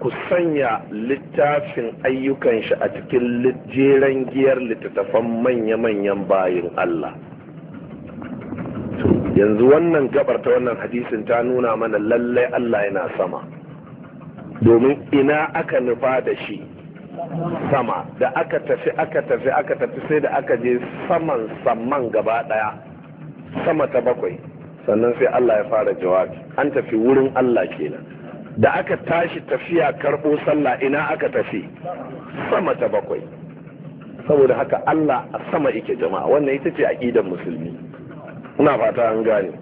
ku sanya littafin ayyukan shi a cikin jeren giyar littattafan manya-manyan bayin Allah yanzu wannan gabar ta wannan hadisin ta nuna mana lallai Allah yana sama domin ina aka nufa da shi sama da aka tafi aka tafi aka tafi sai da aka je saman saman gaba daya sama ta bakwai sannan sai Allah ya fara jawabi an tafi wurin Allah kenan da aka tashi tafiya karɓo sallah ina aka tafi sama ta bakwai saboda haka Allah a sama yake jama'a wannan ita ce aqidar musulmi ina fata an gane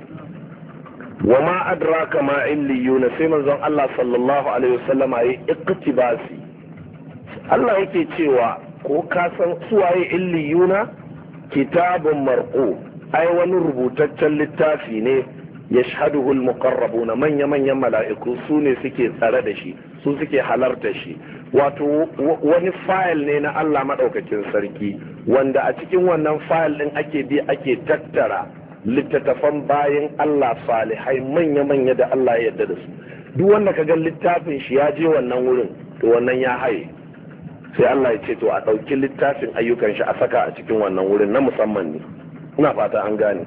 wa ma adraka ma illiyuna sai manzon Allah sallallahu alaihi wasallama yayi iqtibasi Allah yake cewa ko ka san suwaye illiyuna kitabun marqu ai wani rubutaccen littafi ne ya shahaduhul muqarrabuna manya manyan mala'iku su ne suke tsare da shi su suke halarta shi wato wani fayil ne na Allah madaukakin sarki wanda a cikin wannan fayil din ake bi ake tattara littattafan bayan Allah salihai manya manya da Allah ya yarda da su duk wanda ka ga littafin shi ya je wannan wurin to wannan ya haye sai Allah ya ce to a ɗauki littafin ayyukan shi a saka a cikin wannan wurin na musamman ne ina fata an gane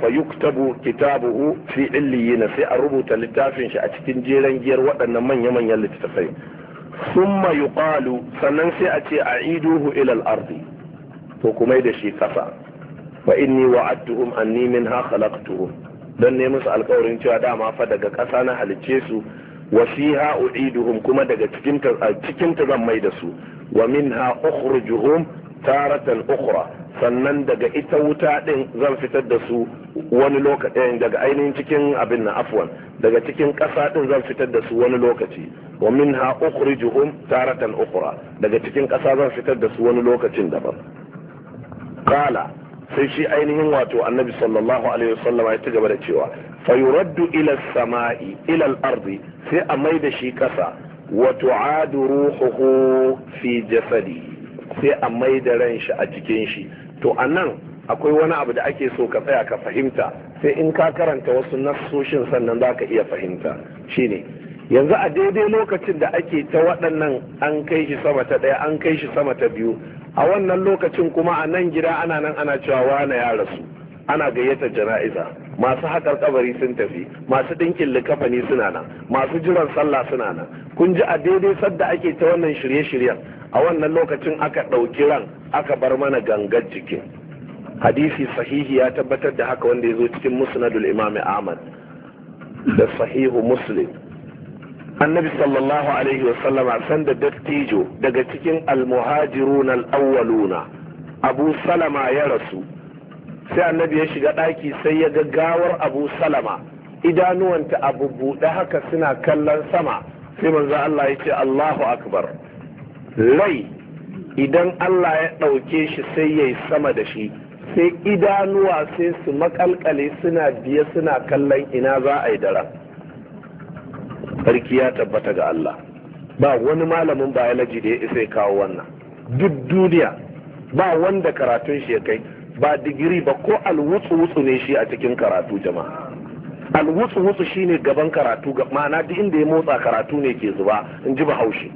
fa yuktabu kitabuhu fi illiyin sai a rubuta littafin shi a cikin jeren giyar waɗannan manya-manyan littattafai summa yuqalu sannan sai a ce a'iduhu ila al-ardi to kuma da shi kasa wa inni wa'adtuhum anni minha khalaqtuhum dan ne musu alƙawarin cewa dama fa daga ƙasa na halicce su wa fiha u'iduhum kuma daga cikin ta cikin ta zan mai da su wa minha ukhrijuhum taratan ukhra sannan daga ita wuta din zan fitar da su wani lokaci eh, daga ainihin cikin abin na afwan daga cikin ƙasa din zan fitar da su wani lokaci wa minha ukhrijuhum taratan ukhra daga cikin ƙasa zan fitar da su wani lokacin daban qala sai shi ainihin wato annabi sallallahu alaihi wasallam ya ci gaba da cewa fayuraddu ila samai ila al-ardi sai a mai da shi kasa wa tu'adu ruhuhu fi jasadi sai a mai da ran shi a jikin shi to anan akwai wani abu da ake so ka tsaya ka fahimta sai in ka karanta wasu nassoshin sannan za ka iya fahimta shine yanzu a daidai lokacin da ake ta waɗannan an kai shi sama ta ɗaya an kai shi sama ta biyu a wannan lokacin kuma a nan gida ana nan ana cewa wane ya rasu ana gayyata jana'iza masu haƙar kabari sun tafi masu ɗinkin likafani suna nan masu jiran sallah suna nan kun ji a daidai sadda ake ta wannan shirye-shiryen a wannan lokacin aka ɗauki ran aka bar mana gangar jikin hadisi sahihi ya tabbatar da haka wanda ya zo cikin musnadul imam ahmad da sahihu muslim annabi sallallahu alaihi wasallam san da dattijo daga cikin almuhajirun al'awwaluna abu salama ya rasu sai annabi ya shiga ɗaki sai ya gaggawar abu salama idanuwanta abu buɗe haka suna kallon sama sai manzo Allah ya ce Allahu akbar rai idan Allah ya ɗauke shi sai ya yi sama da shi sai idanuwa sai su makalkale suna biye suna kallon ina za a yi daren sarki ya tabbata ga Allah ba wani malamin biology da ya isa ya kawo wannan duk duniya ba wanda karatun shi ya kai ba digiri ba ko alwutsu-wutsu ne shi a cikin karatu jama'a alwutsu-wutsu ne gaban karatu ga ma'ana duk inda ya motsa karatu ne ke zuba in ji bahaushe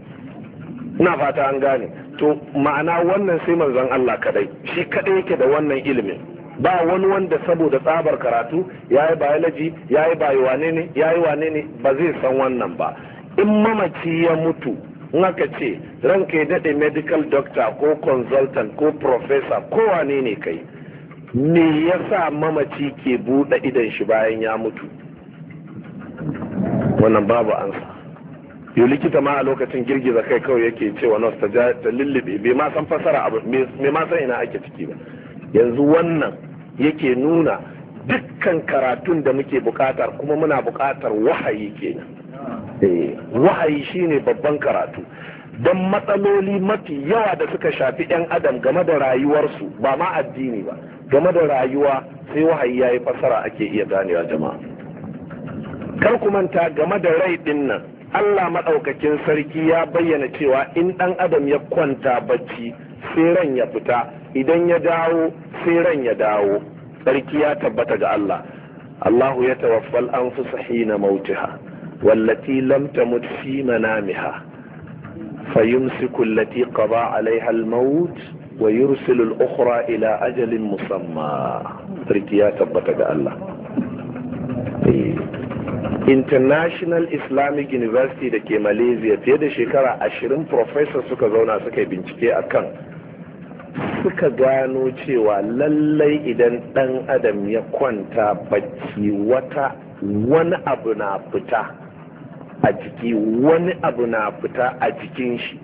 ina fata an gane to ma'ana wannan sai manzon Allah kadai shi kadai yake da wannan ilimin ba wani wanda saboda tsabar karatu ya yi biology ya yi wane ne ya yi wane ne ba zai san wannan ba in mamaci ya mutu in aka ce ranka ya daɗe medical doctor ko consultant ko professor ko wane ne kai me yasa mamaci ke buɗe idan shi bayan ya mutu wannan babu ansa yau likita ma a lokacin girgiza kai kawai yake cewa nos ta lullube bai ma fasara abu bai ma san ina ake ciki ba yanzu wannan yake nuna dukkan karatun da muke bukatar kuma muna bukatar wahayi kenan eh, wahayi shine babban karatu don matsaloli mafi yawa da suka shafi 'yan adam game da rayuwarsu ba ma addini ba game da rayuwa sai wahayi ya yi fasara ake iya ganewa jama'a kar ku manta game da rai din nan allah maɗaukakin sarki ya bayyana cewa in ɗan adam ya kwanta bacci sai ran ya fita idan ya dawo sai ran ya dawo sarki ya tabbata ga Allah Allahu ya tawaffal anfusa sahina mautiha wallati lam tamut fi manamiha fayumsiku allati qada alaiha almaut wa yursilu al-ukhra ila ajalin musamma tsarki ya tabbata ga Allah eh, International Islamic University da ke Malaysia fiye da shekara ashirin professor suka zauna suka bincike akan suka gano cewa lallai idan ɗan adam ya kwanta bacci wata wani abu na fita a jiki wani abu na fita a jikin shi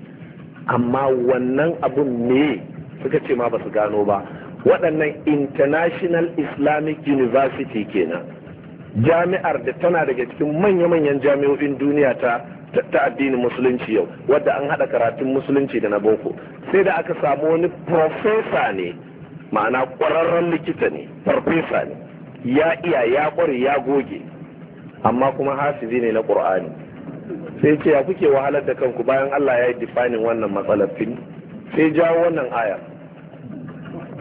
amma wannan abun ne suka ce ma ba su gano ba waɗannan international islamic university kenan jami'ar da tana daga cikin manya-manyan jami'o'in duniya ta ta addinin musulunci yau wadda an haɗa karatun musulunci da na boko sai da aka samu wani profesa ne ma'ana ƙwararren likita ne farfesa ne ya iya ya ƙware ya goge amma kuma hafizi ne na ƙur'ani sai ce ya kuke wahalar da kanku bayan Allah ya yi difanin wannan matsalar sai jawo wannan aya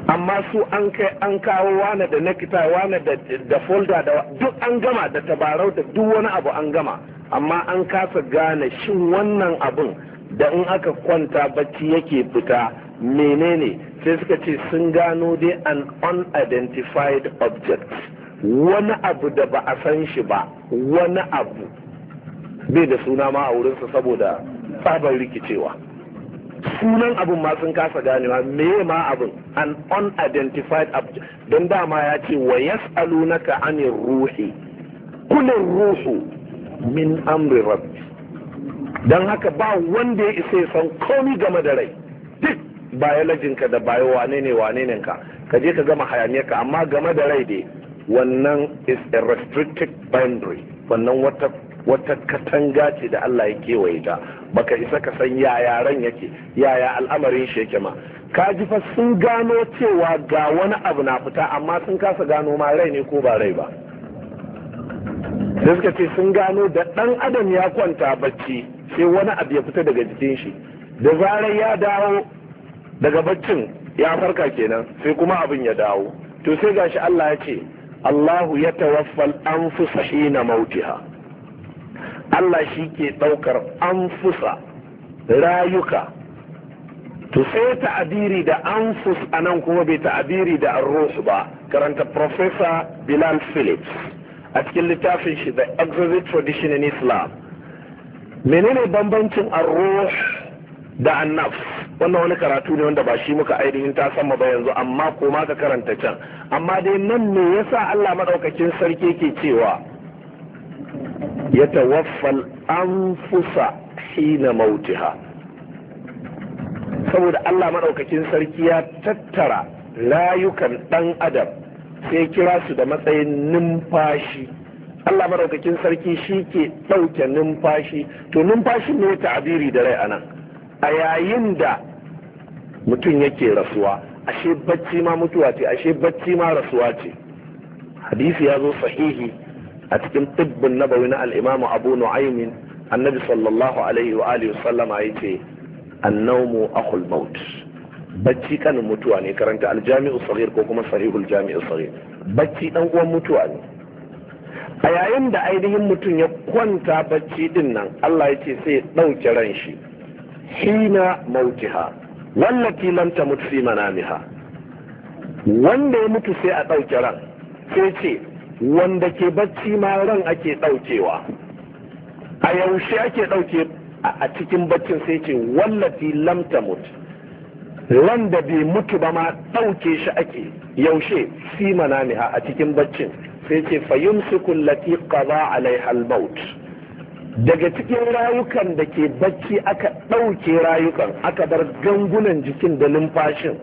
amma su an kai an kawo wane da nakita wane da da folda da duk an gama da tabarau da duk wani abu an gama amma an kasa gane shin wannan abun da in aka kwanta bacci yake fita menene sai suka ce sun gano dai an unidentified object wani abu da ba a san shi ba wani abu bai da suna ma a wurinsa saboda tsabar rikicewa sunan abin ma sun kasa ganewa meye ma abin an unidentified object don dama ya ce wa yas'alunaka anir ruhi kulin ruhu min amri rabbi don haka ba wanda ya isa ya san komi game da rai duk biolojinka da bayo wane ne wane ne ka ka je ka gama hayaniyarka amma game da rai dai wannan is a restricted boundary wannan wata wata katanga ce da Allah ya kewaye ta baka isa ka san yaya ran yake yaya al'amarin shi yake ma ka ji fa sun gano cewa ga wani abu na fita amma sun kasa gano ma rai ne ko ba rai ba da suka ce sun gano da ɗan adam ya kwanta bacci sai wani abu ya fita daga jikin shi da zarar ya dawo daga baccin ya farka kenan sai kuma abin ya dawo to sai gashi Allah ya ce Allahu ya tawaffal anfusa hina mautiha Allah shi ke ɗaukar anfusa rayuka to sai ta'abiri da anfus anan kuma bai ta'abiri da arruh ba karanta professor Bilal Phillips a cikin littafin shi the exorcist tradition in islam menene bambancin arruh da annaf wannan wani karatu ne wanda ba shi muka ainihin ta sama ba yanzu amma ko ma ka karanta can amma dai nan me yasa Allah madaukakin sarki ke cewa ya tawaffal anfusa hina mautiha saboda Allah madaukakin sarki ya tattara layukan dan adam sai kira su da matsayin numfashi Allah maraukakin sarki shi ke ɗauke numfashi to numfashi ne ta'abiri da rai anan a yayin da mutum yake rasuwa ashe bacci ma mutuwa ce ashe bacci ma rasuwa ce hadisi ya zo sahihi a cikin tibbin nabawi na al'imamu abu nu'aymin annabi sallallahu alaihi wa alihi sallama ya ce akhul maut bacci kanin mutuwa ne karanta aljami'u sahih ko kuma sahihul jami'u sahih bacci dan uwan mutuwa ne a yayin da ainihin mutum ya kwanta bacci din nan Allah ya ce sai ɗauke ran shi hina mautiha wallati lam tamut fi manamiha wanda ya mutu sai a ɗauke ran sai ce wanda ke bacci ma ran ake ɗaukewa a yaushe ake ɗauke a cikin baccin sai ce wallati lam tamut wanda bai mutu ba ma ɗauke shi ake yaushe fi manamiha a cikin baccin sai ce fayumsikul lati kaza alaiha maut daga cikin rayukan da ke bacci aka ɗauke rayukan aka bar gangunan jikin da numfashin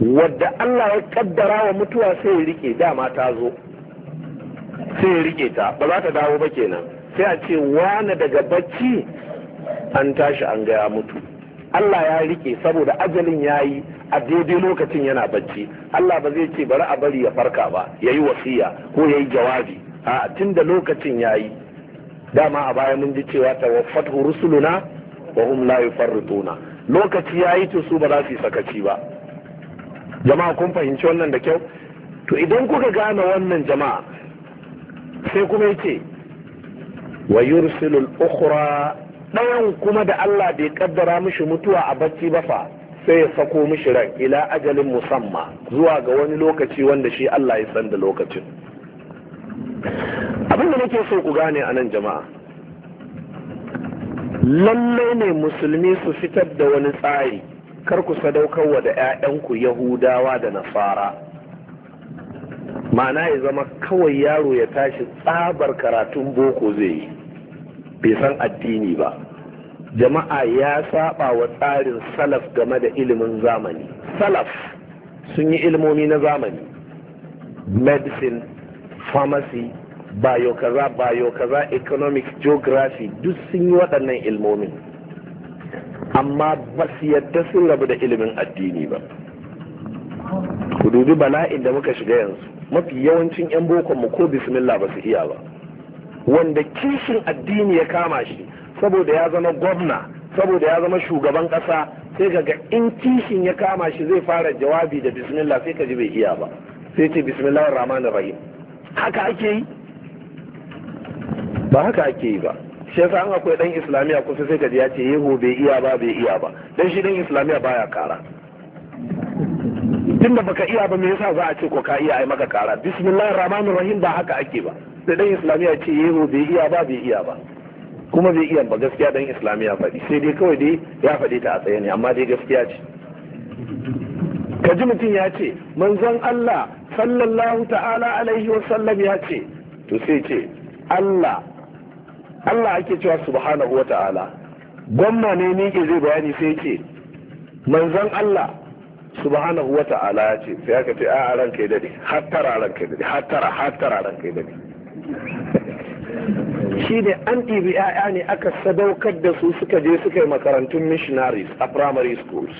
wadda Allah ya kaddara wa mutuwa sai ya rike dama ta zo sai ya rike ta ba za ta dawo ba kenan sai a ce wane daga bacci an tashi an gaya mutu Allah ya rike saboda ajalin ya yi a daidai lokacin yana bacci Allah ba zai ce bari a bari ya farka ba ya yi wasiya ko ya yi jawabi a tun da lokacin ya yi dama a baya mun ji cewa ta, wafat rusuluna wa hum la yufarrituna lokaci ya yi to su ba za su yi sakaci ba jama'a kun fahimci wannan da kyau to idan kuka gane wannan jama'a sai kuma yace wa yursilul ukhra ɗayan kuma da Allah bai kaddara mishi mutuwa a bacci ba fa sai ya sako mishi ran ila ajalin musamma zuwa ga wani lokaci wanda shi Allah ya san da lokacin abin da nake so ku gane a nan jama'a lallai ne musulmi su fitar da wani tsari kar ku sadaukarwa da 'ya'yanku yahudawa da nasara ma'ana ya zama kawai yaro ya tashi tsabar karatun boko zai yi bai san addini ba jama'a ya saba wa tsarin salaf game da ilimin zamani salaf sun yi ilmomi na zamani medicine pharmacy bayo kaza economic geography duk sun yi waɗannan ilmomin amma ba su yadda sun rabu da ilimin addini ba ku dubi bala'in da muka shiga yanzu mafi yawancin 'yan bokonmu ko bismillah ba su iya ba wanda kishin addini ya kama shi saboda ya zama gwamna saboda ya zama shugaban kasa sai kaga in kishin ya kama shi zai fara jawabi da bismillah sai ka ji bai iya ba sai ce bismillahir rahmanir rahim haka ake yi ba haka ake yi ba shi yasa an akwai dan islamiya kusa sai kaji ya ce yeho bai iya ba bai iya ba dan shi dan islamiya baya kara tun da baka iya ba me yasa za a ce ko ka iya ai maka kara bismillahir rahmanir rahim ba haka ake ba da dan islamiyya ce yeho bai iya ba bai iya ba kuma bai iya ba gaskiya dan islamiyya faɗi sai dai kawai dai ya faɗi ta a tsaye ne amma dai gaskiya ce ka ji mutum ya ce manzon Allah sallallahu ta'ala alaihi wa sallam ya ce to sai ce Allah Allah ake cewa subhanahu wa ta'ala gwamna ne ni ke zai bayani sai ce manzon Allah subhanahu wa ta'ala ya ce sai aka ce a ranka ya dade hattara tara kai dade har tara har tara ranka ya dade shi ne an ɗibi 'ya'ya ne aka sadaukar da su suka je suka yi makarantun missionaries a primary schools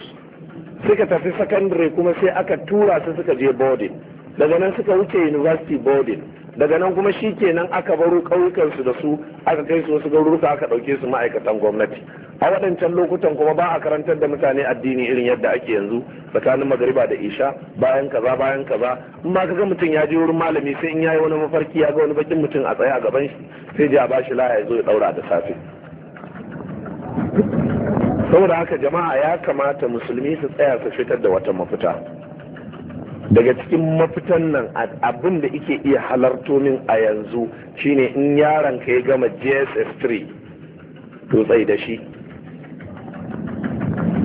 suka tafi secondary kuma sai aka tura su suka je boarding daga nan suka wuce university boarding daga nan kuma shi kenan aka baro ƙauyukansu da su aka kai su wasu garuruka aka ɗauke su ma'aikatan gwamnati a waɗancan lokutan kuma ba a karantar da mutane addini irin yadda ake yanzu tsakanin magariba da isha bayan kaza bayan kaza in ma kaga mutum ya je wurin malami sai in yayi wani mafarki ya ga wani bakin mutum a tsaye a gaban shi sai je a shi laya ya zo ya ɗaura da safe saboda haka jama'a ya kamata musulmi su tsaya su fitar da wata mafita daga cikin mafitan nan abin da ike iya halarto min a yanzu shine in yaron ka ya gama jss3 to da shi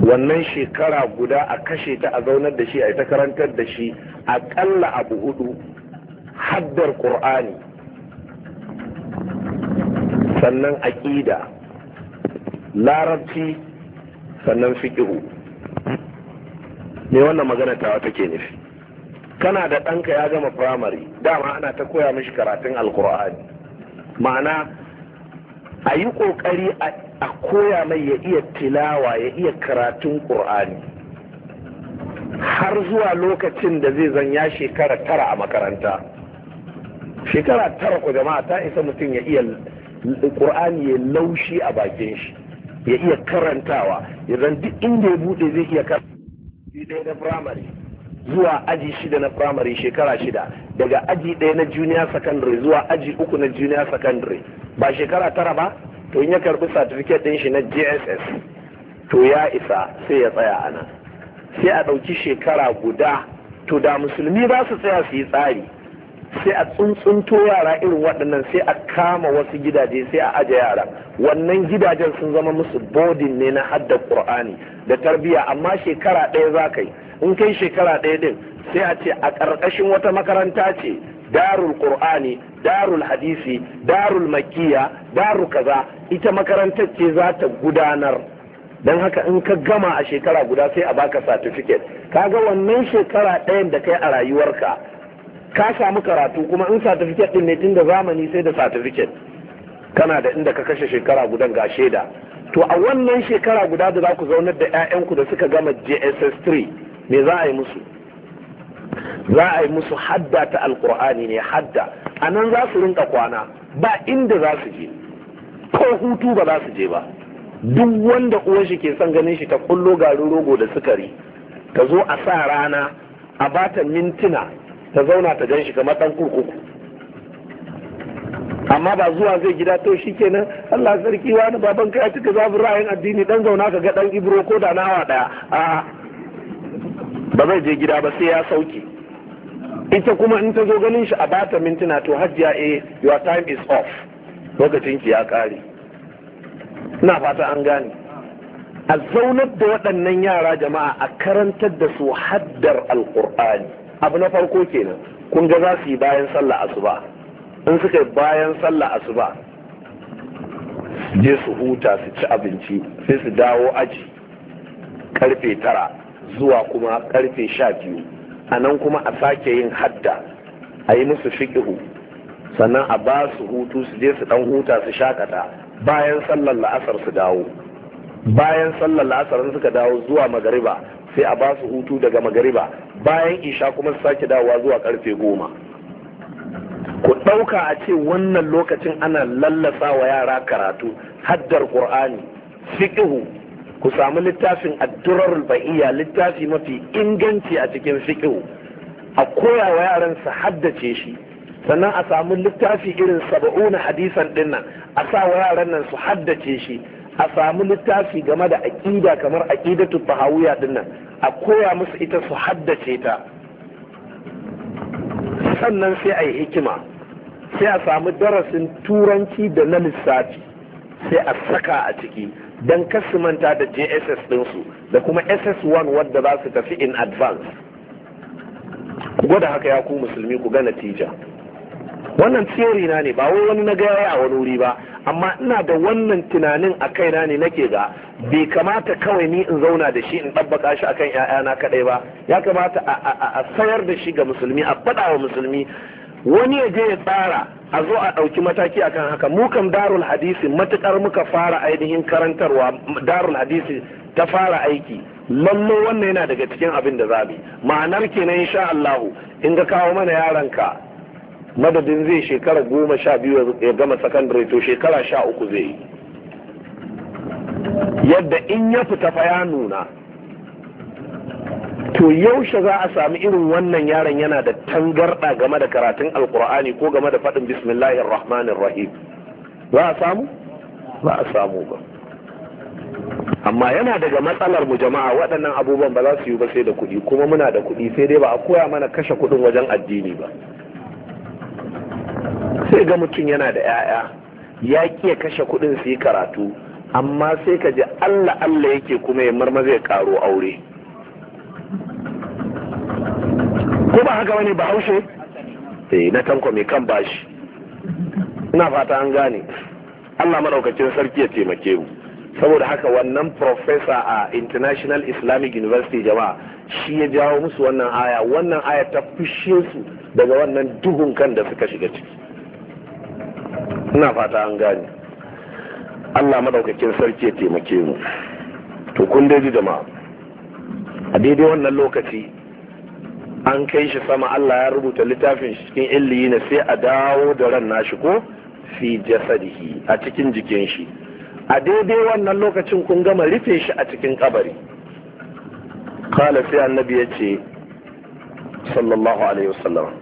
wannan shekara guda a kashe ta a zaunar da shi a ta karantar da shi aƙalla abu hudu haddar ƙur'ani sannan aƙida larabci sannan fiƙiru me wannan magana tawa take nufi kana da ɗanka ya gama firamare dama ana ta koya mishi karatun alkur'ani ma'ana a yi ƙoƙari a koya mai ya iya tilawa ya iya karatun ƙur'ani har zuwa lokacin da zai zan shekara tara a makaranta shekara tara ku jama'a ta isa mutum ya iya ƙur'ani ya laushi a bakin shi ya iya karantawa ya zan duk inda ya buɗe zai iya karantawa ɗaya na firamare zuwa aji shida na primary shekara shida daga aji ɗaya na junior secondary zuwa aji uku na junior secondary ba shekara tara ba to in ya karbi certificate ɗin shi na jss to ya isa sai ya tsaya a nan sai a ɗauki shekara guda to da musulmi ba su tsaya su yi tsari sai a tsuntsunto yara irin waɗannan sai a kama wasu gidaje sai a aje yara wannan gidajen sun zama musu bodin ne na hadda ƙur'ani da tarbiyya amma shekara ɗaya za ka yi in kai shekara ɗaya din sai a ce a ƙarƙashin wata makaranta ce darul qur'ani darul hadisi darul makiya darul kaza ita makarantar ce za ta gudanar don haka in ka gama a shekara guda sai a baka certificate kaga wannan shekara ɗayan da kai a rayuwarka ka samu karatu kuma in certificate din ne tun da zamani sai da certificate kana da inda ka kashe shekara gudan ga shaida to a wannan shekara guda da za ku zaunar da 'ya'yanku da suka gama jss 3 me za a yi musu za a yi musu hadda ta alkur'ani ne hadda a nan za su rinka kwana ba inda za su je ko hutu ba za su je ba duk wanda uwan shi ke son ganin shi ta kullo garin rogo da sukari ta zo a sa rana a bata mintuna ta zauna ta gan shi kamar dan kurkuku amma ba zuwa zai gida to shi kenan Allah sarki wani baban kai cika zafin ra'ayin addini dan zauna ka ga dan ibro ko da nawa daya a ba zai je gida ba sai ya sauke ita kuma in ta zo ganin shi a bata mintuna to hajjiya a eh, your time is off lokacin ki ya kare ina fata an gane a zaunar da waɗannan yara jama'a a karantar da su haddar alkur'ani abu na farko kenan kun ga za su yi bayan sallah asuba in suka yi bayan sallah asuba je su huta su ci abinci sai su dawo aji karfe tara zuwa kuma karfe sha biyu a nan kuma a sake yin hadda a yi musu fiƙihu sannan a ba su hutu su je su ɗan huta su shakata bayan sallar la'asar su dawo bayan sallar la'asar suka dawo zuwa magariba sai a ba su hutu daga magariba bayan isha kuma su sake dawowa zuwa karfe goma ku ɗauka a ce wannan lokacin ana lallasa wa yara karatu haddar ƙur'ani fiƙihu ku samu littafin addurarul ba'iyya littafi mafi inganci a cikin fiƙo, a koya wa yaran su haddace shi sannan a samu littafi irin saba'una hadisan nan a sa wa yaran nan su haddace shi a samu littafi game da aƙida kamar aƙidatu ɗin nan, a koya musu ita su haddace ta sannan sai a yi hikima sai a samu darasin turanci da na lissafi sai a saka a ciki don kasu manta da jss su da kuma ss1 wadda za su tafi in advance ku gwada haka ya ku musulmi ku ga natija wannan theory na ne ba wai wani na gaya a wani wuri ba amma ina da wannan tunanin a na ne nake ga bai kamata kawai ni in zauna da shi in ɗabbaka shi akan 'ya'yana kaɗai ba ya kamata a sayar da shi ga musulmi a faɗa wa musulmi wani ya je ya tsara a zo a ɗauki mataki akan haka mu kam darul hadisi matukar muka fara ainihin karantarwa darul hadisi ta fara aiki lallo wannan yana daga cikin abin da za zabi ma'anar kenan insha Allahu in ka kawo mana yaranka madadin zai shekara goma sha biyu ya gama sakandare to shekara sha uku zai yi yadda in ya fita fa ya nuna to yaushe za a sami irin wannan yaron yana da tangarɗa game da karatun alkur'ani ko game da faɗin bismillahir rahmanir rahim ba a samu ba a samu ba amma yana daga matsalar mu jama'a waɗannan abubuwan ba za su yi ba sai da kuɗi kuma muna da kuɗi sai dai ba a koya mana kashe kuɗin wajen addini ba sai ga mutum yana da 'ya'ya ya ƙi kashe kuɗin su yi karatu amma sai ka ji allah allah yake kuma ya marma zai karo aure ko ba haka wani bahaushe eh na tanko mai kan bashi ina fata an gane Allah madaukakin sarki ya taimake mu saboda haka wannan professor a International Islamic University jama'a shi ya jawo musu wannan aya wannan aya ta fushe su daga wannan duhun kan da suka shiga ciki ina fata an gane Allah madaukakin sarki ya taimake mu to kun dai jama'a a daidai wannan lokaci an kai shi sama Allah ya rubuta littafin shi cikin na sai a dawo da ran nashi ko fi jasadihi a cikin jikin shi a daidai wannan lokacin kun gama rufe shi a cikin kabari kala sai annabi ya ce sallallahu alaihi wasallam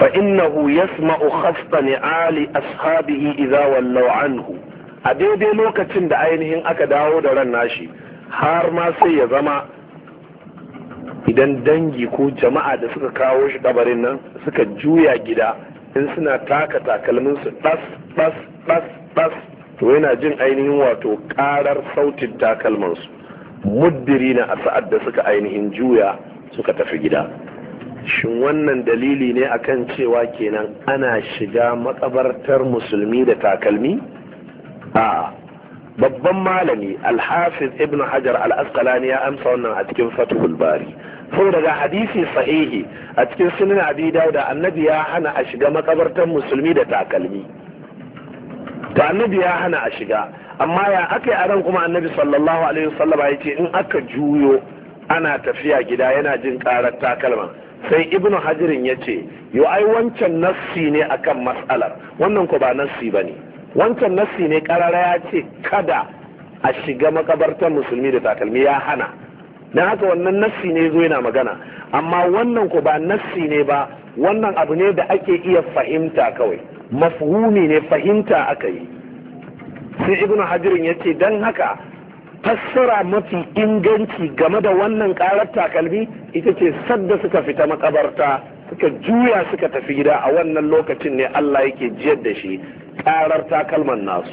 fa innahu yasma'u khasta ali ashabihi idza wallaw anhu a daidai lokacin da ainihin aka dawo da ran nashi har ma sai ya zama idan dangi ko jama'a da suka kawo shi kabarin nan suka juya gida in suna taka takalminsu ɗas ɗas ɗas ɗas to yana jin ainihin wato ƙarar sautin takalmansu muddiri na a sa'ad da suka ainihin juya suka tafi gida shin wannan dalili ne akan cewa kenan ana shiga makabartar musulmi da takalmi a babban malami alhafiz ibn hajar al-asqalani ya amsa wannan a cikin fatuhul bari sau daga hadisi sahihi a cikin sunan abi dauda annabi ya hana a shiga makabartan musulmi da takalmi to annabi ya hana a shiga amma ya aka yi aran kuma annabi sallallahu alaihi wasallam ya ce in aka juyo ana tafiya gida yana jin karar takalma sai ibn hajirin ya ce yo ai wancan nassi ne akan mas'alar wannan ko ba nassi bane wancan nassi ne karara ya ce kada a shiga makabartar musulmi da takalmi ya hana don haka wannan nassi ne zo yana magana amma wannan ku ba nassi ne ba wannan abu ne da ake iya fahimta kawai mafhumi ne fahimta aka yi sai ibnu hajirin ya ce don haka fassara mafi inganci game da wannan karar takalmi ita ce sadda suka fita makabarta suka juya suka tafi gida a wannan lokacin ne Allah yake jiyar da shi karar takalman nasu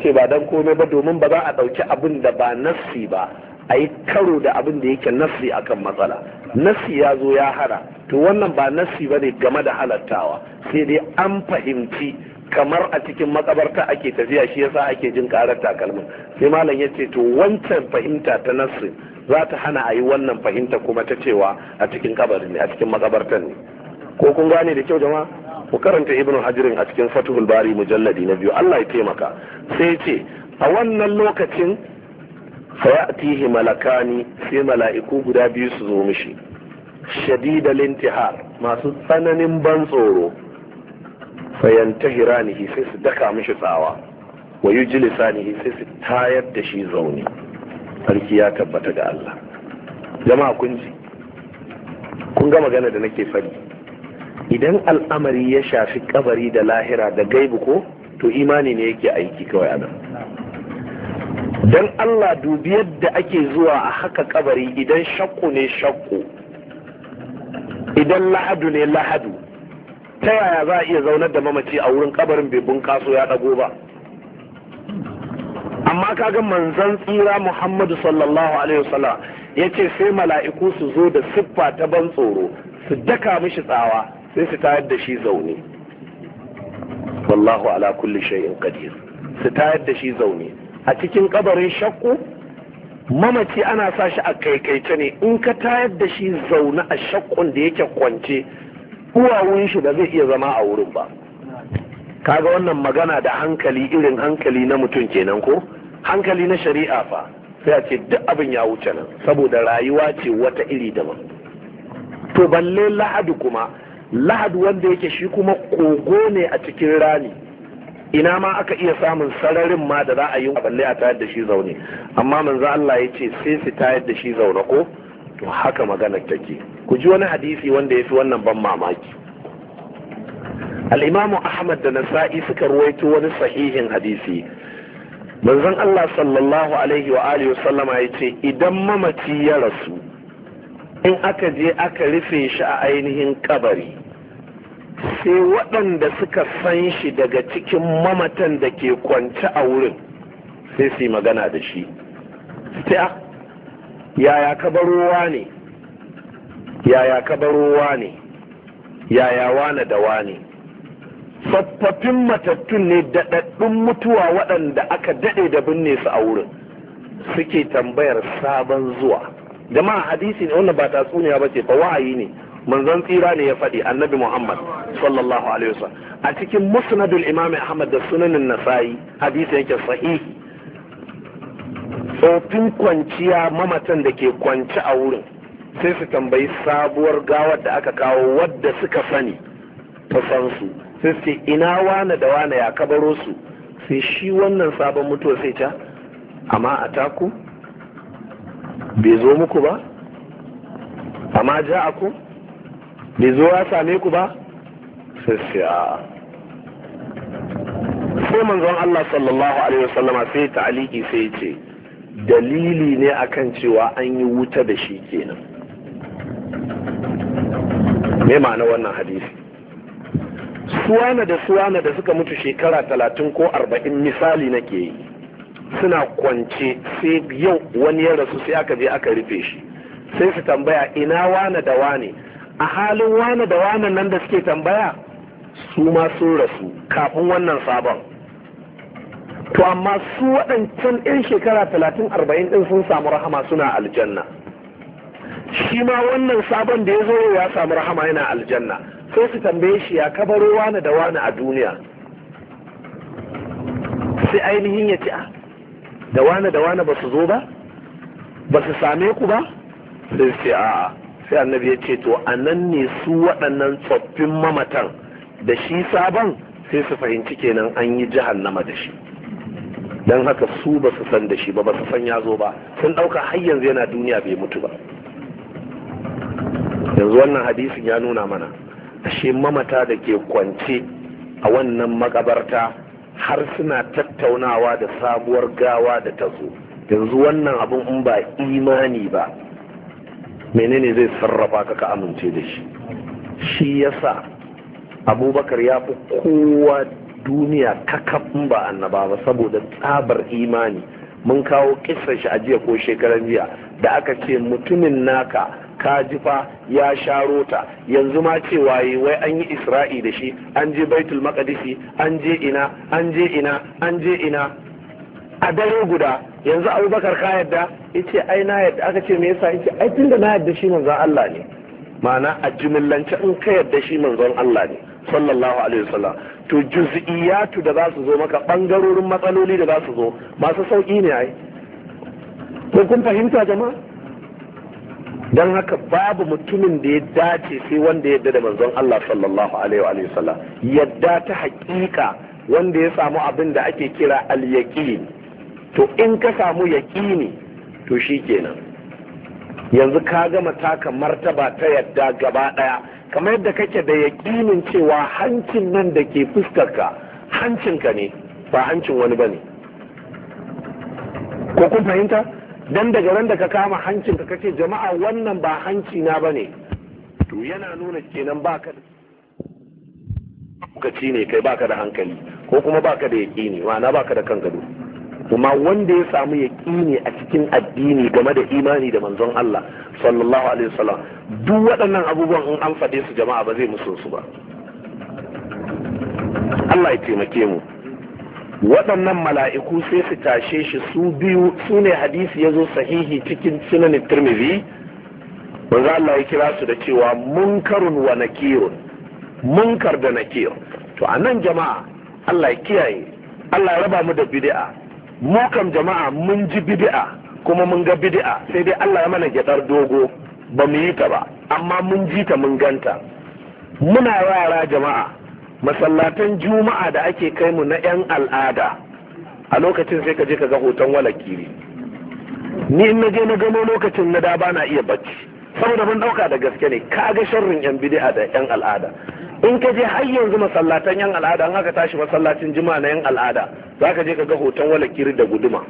ce ba dan komai ba domin ba za a ɗauki abin da ba nassi ba a yi karo da abin da yake nassi akan matsala nassi ya zo ya hana to wannan ba nassi ba ne game da halattawa sai dai an fahimci kamar a cikin makabarta ake tafiya shi yasa ake jin karar takalmin sai malam ya ce to wancan fahimta ta nassi za ta hana a yi wannan fahimta kuma ta cewa a cikin kabarin ne a cikin makabartar ne ko kun gane da kyau jama'a ku karanta ibnu hajirin a cikin fatuhul bari mujalladi na biyu Allah ya taimaka sai ce a wannan lokacin fayatihi malakani sai mala'iku guda biyu su zo mishi shadida lintihar masu tsananin ban tsoro fayantahiranihi sai su daka mishi tsawa wa yujlisanihi sai su tayar da shi zaune sarki ya tabbata ga Allah jama'a kun ji kun ga magana da nake faɗi idan al'amari ya shafi kabari da lahira da gaibu ko to imani ne yake aiki kawai anan don Allah dubi yadda ake zuwa a haka kabari idan shakku ne shakku idan lahadu ne lahadu ta yaya za a iya zaunar da mamaci a wurin kabarin bai bunkaso ya ɗago ba amma ka ga manzan tsira muhammadu sallallahu alaihi wasallam ya ce sai mala'iku su zo da siffa ta ban tsoro su daka mishi tsawa sai su tayar da shi zaune wallahu ala kulli shay'in qadir su tayar da shi zaune a cikin kabarin shakku mamaci ana sa shi a kaikaice ne in ka tayar da shi zaune a shakkun da yake kwance uwawun shi ba zai iya zama a wurin ba kaga wannan magana da hankali irin hankali na mutum kenan ko hankali na shari'a fa sai a ce duk abin ya wuce nan saboda rayuwa ce wata iri daban to balle lahadi kuma lahad wanda yake shi kuma kogo ne a cikin rani, ina ma aka iya samun sararin ma da za a yi balle a tayar da shi zaune amma manzo Allah ya ce sai su tayar da shi zaune ko to haka magana take ku ji wani hadisi wanda ya fi wannan ban mamaki al-imam ahmad da nasa'i suka ruwaito wani sahihin hadisi manzon Allah sallallahu alaihi wa alihi sallama ya ce idan mamaci ya rasu in aka je aka rufe shi a ainihin kabari sai waɗanda suka san shi daga cikin mamatan da ke kwance a wurin sai su yi magana da shi ta ah, yaya kabarowa ne yaya kabarowa ne yaya wane da wane tsofaffin matattun ne daɗaɗɗun mutuwa waɗanda aka daɗe da binne su a wurin suke tambayar sabon zuwa jama'a hadisi ne wannan ba tatsuniya ba ce ba wa'ayi ne manzon tsira ne ya faɗi annabi muhammad sallallahu alaihi wasallam a cikin musnadul imam ahmad da sunanin nasa'i hadisi yake sahih tsofin kwanciya mamatan da ke kwanci a wurin sai su tambayi sabuwar gawar da aka kawo wadda suka sani ta san su sai su ce ina wane da wane ya kabaro su sai shi wannan sabon mutuwa sai ta amma a taku bai zo muku ba amma ja a ku bai zo ya same ku ba sai sai manzon Allah sallallahu alaihi wasallama sai ta aliki sai ce dalili ne akan cewa an yi wuta da shi kenan me ma'ana wannan hadisi suwana da suwana da suka mutu shekara talatin ko arba'in misali nake yi suna kwance sai yau wani ya rasu sai aka je aka rufe shi sai su tambaya ina wane da wane a halin wane da wane nan da suke tambaya su ma sun rasu kafin wannan sabon to amma su waɗancan 'yan shekara talatin arba'in ɗin sun samu rahama suna aljanna shi ma wannan sabon da ya zo ya samu rahama yana aljanna sai su tambaye shi ya kabaro wane da wane a duniya sai ainihin ya ce ah, da wane da wane ba su zo ba ba su same ku ba sai ce a sai annabi ya ce to anan ne su waɗannan tsoffin mamatan da shi sabon sai su fahimci kenan an yi jahannama da shi don haka su ba su san da shi ba ba su san ya zo ba sun ɗauka har yanzu yana duniya bai mutu ba yanzu wannan hadisin ya nuna mana ashe mamata da ke kwance a wannan makabarta har suna tattaunawa da sabuwar gawa da ta zo yanzu wannan abin in ba imani ba menene zai sarrafa ka ka amince da shi shi yasa abubakar ya fi kowa duniya in ba annaba ba saboda tsabar imani mun kawo kisar shi a jiya ko shekaran jiya da aka ce mutumin naka ka ji fa ya sharo ta yanzu ma cewa waye wai an yi isra'i da shi an je baitul maqdisi an je ina an je ina an je ina a dare guda yanzu abubakar ka yadda yace ai na yadda aka ce me yasa yace ai tunda na yadda shi manzon Allah ne ma'ana a jimillance in ka yadda shi manzon Allah ne sallallahu alaihi wasallam to juz'iyatu da za su zo maka bangarorin matsaloli da za su zo masu sauki ne ai ko kun fahimta jama'a don haka babu mutumin da ya dace sai wanda ya da manzon Allah sallallahu alaihi wa sallam yadda ta hakika wanda ya samu abin da ake kira al to in ka samu yaqini to shikenan yanzu ka gama taka martaba ta yadda gaba daya kamar yadda kake da yaqinin cewa hancin nan da ke fuskarka ka ne ba hancin wani bane ko kun fahimta dan daga ran da ka kama hancinka kace jama'a wannan ba hanci na bane to yana nuna kenan baka da ci ne kai baka da hankali ko kuma baka da yaƙini ma'ana baka da kan gado kuma wanda ya samu yaƙini a cikin addini game da imani da manzon Allah sallallahu alaihi wasallam duk waɗannan abubuwan in an faɗe su jama'a ba zai musu su ba Allah ya taimake mu waɗannan mala'iku sai su tashe shi su biyu su ne hadisi ya zo sahihi cikin turmizi ba za Allah ya kira su da cewa munkarun wa nakirun munkar da nakir to a nan jama'a Allah ya kiyaye Allah ya raba mu da bid'a mu kam jama'a mun ji bid'a kuma mun ga bid'a sai dai Allah ya mana gyadar dogo ba mu yi ta ba amma mun ji ta mun ganta muna yara jama'a masallatan juma'a da ake kai mu na 'yan al'ada a lokacin sai ka je ka ga hoton walaki ne ni in na je na gano lokacin na da ba na iya bacci saboda ban dauka da gaske ne ka ga sharrin yan bid'a da yan al'ada in ka je har yanzu masallatan yan al'ada an haka tashi masallacin juma'a na yan al'ada za ka je ka ga hoton walakiri da guduma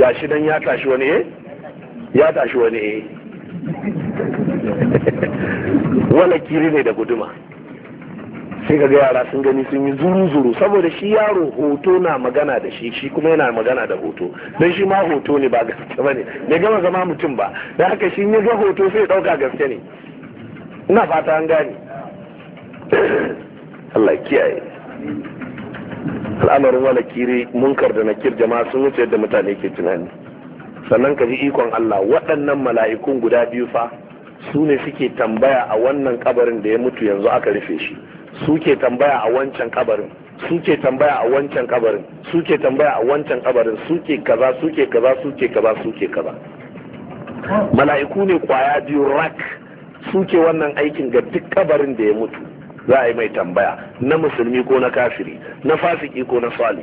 gashi dan ya tashi wani eh ya tashi wani eh walakiri ne da guduma sai ka ga yara sun gani sun yi zuru-zuru saboda shi yaro hoto na magana da shi shi kuma yana magana da hoto don shi ma hoto ne ba gaske ba ne bai gama zama mutum ba da haka shi ya ga hoto sai ɗauka gaske ne ina fata an gane Allah kiyaye al'amarin wala kiri munkar da nakir jama'a sun wuce yadda mutane ke tunani sannan ka ji ikon Allah waɗannan mala'ikun guda biyu fa su ne suke tambaya a wannan kabarin da ya mutu yanzu aka rufe shi suke tambaya a wancan kabarin suke tambaya a wancan kabarin suke tambaya a wancan kabarin suke kaza suke kaza suke kaza suke kaza mala'iku ne kwaya biyu rak suke wannan aikin ga duk kabarin da ya mutu za a yi mai tambaya na musulmi ko na kafiri na fasiki ko na sali.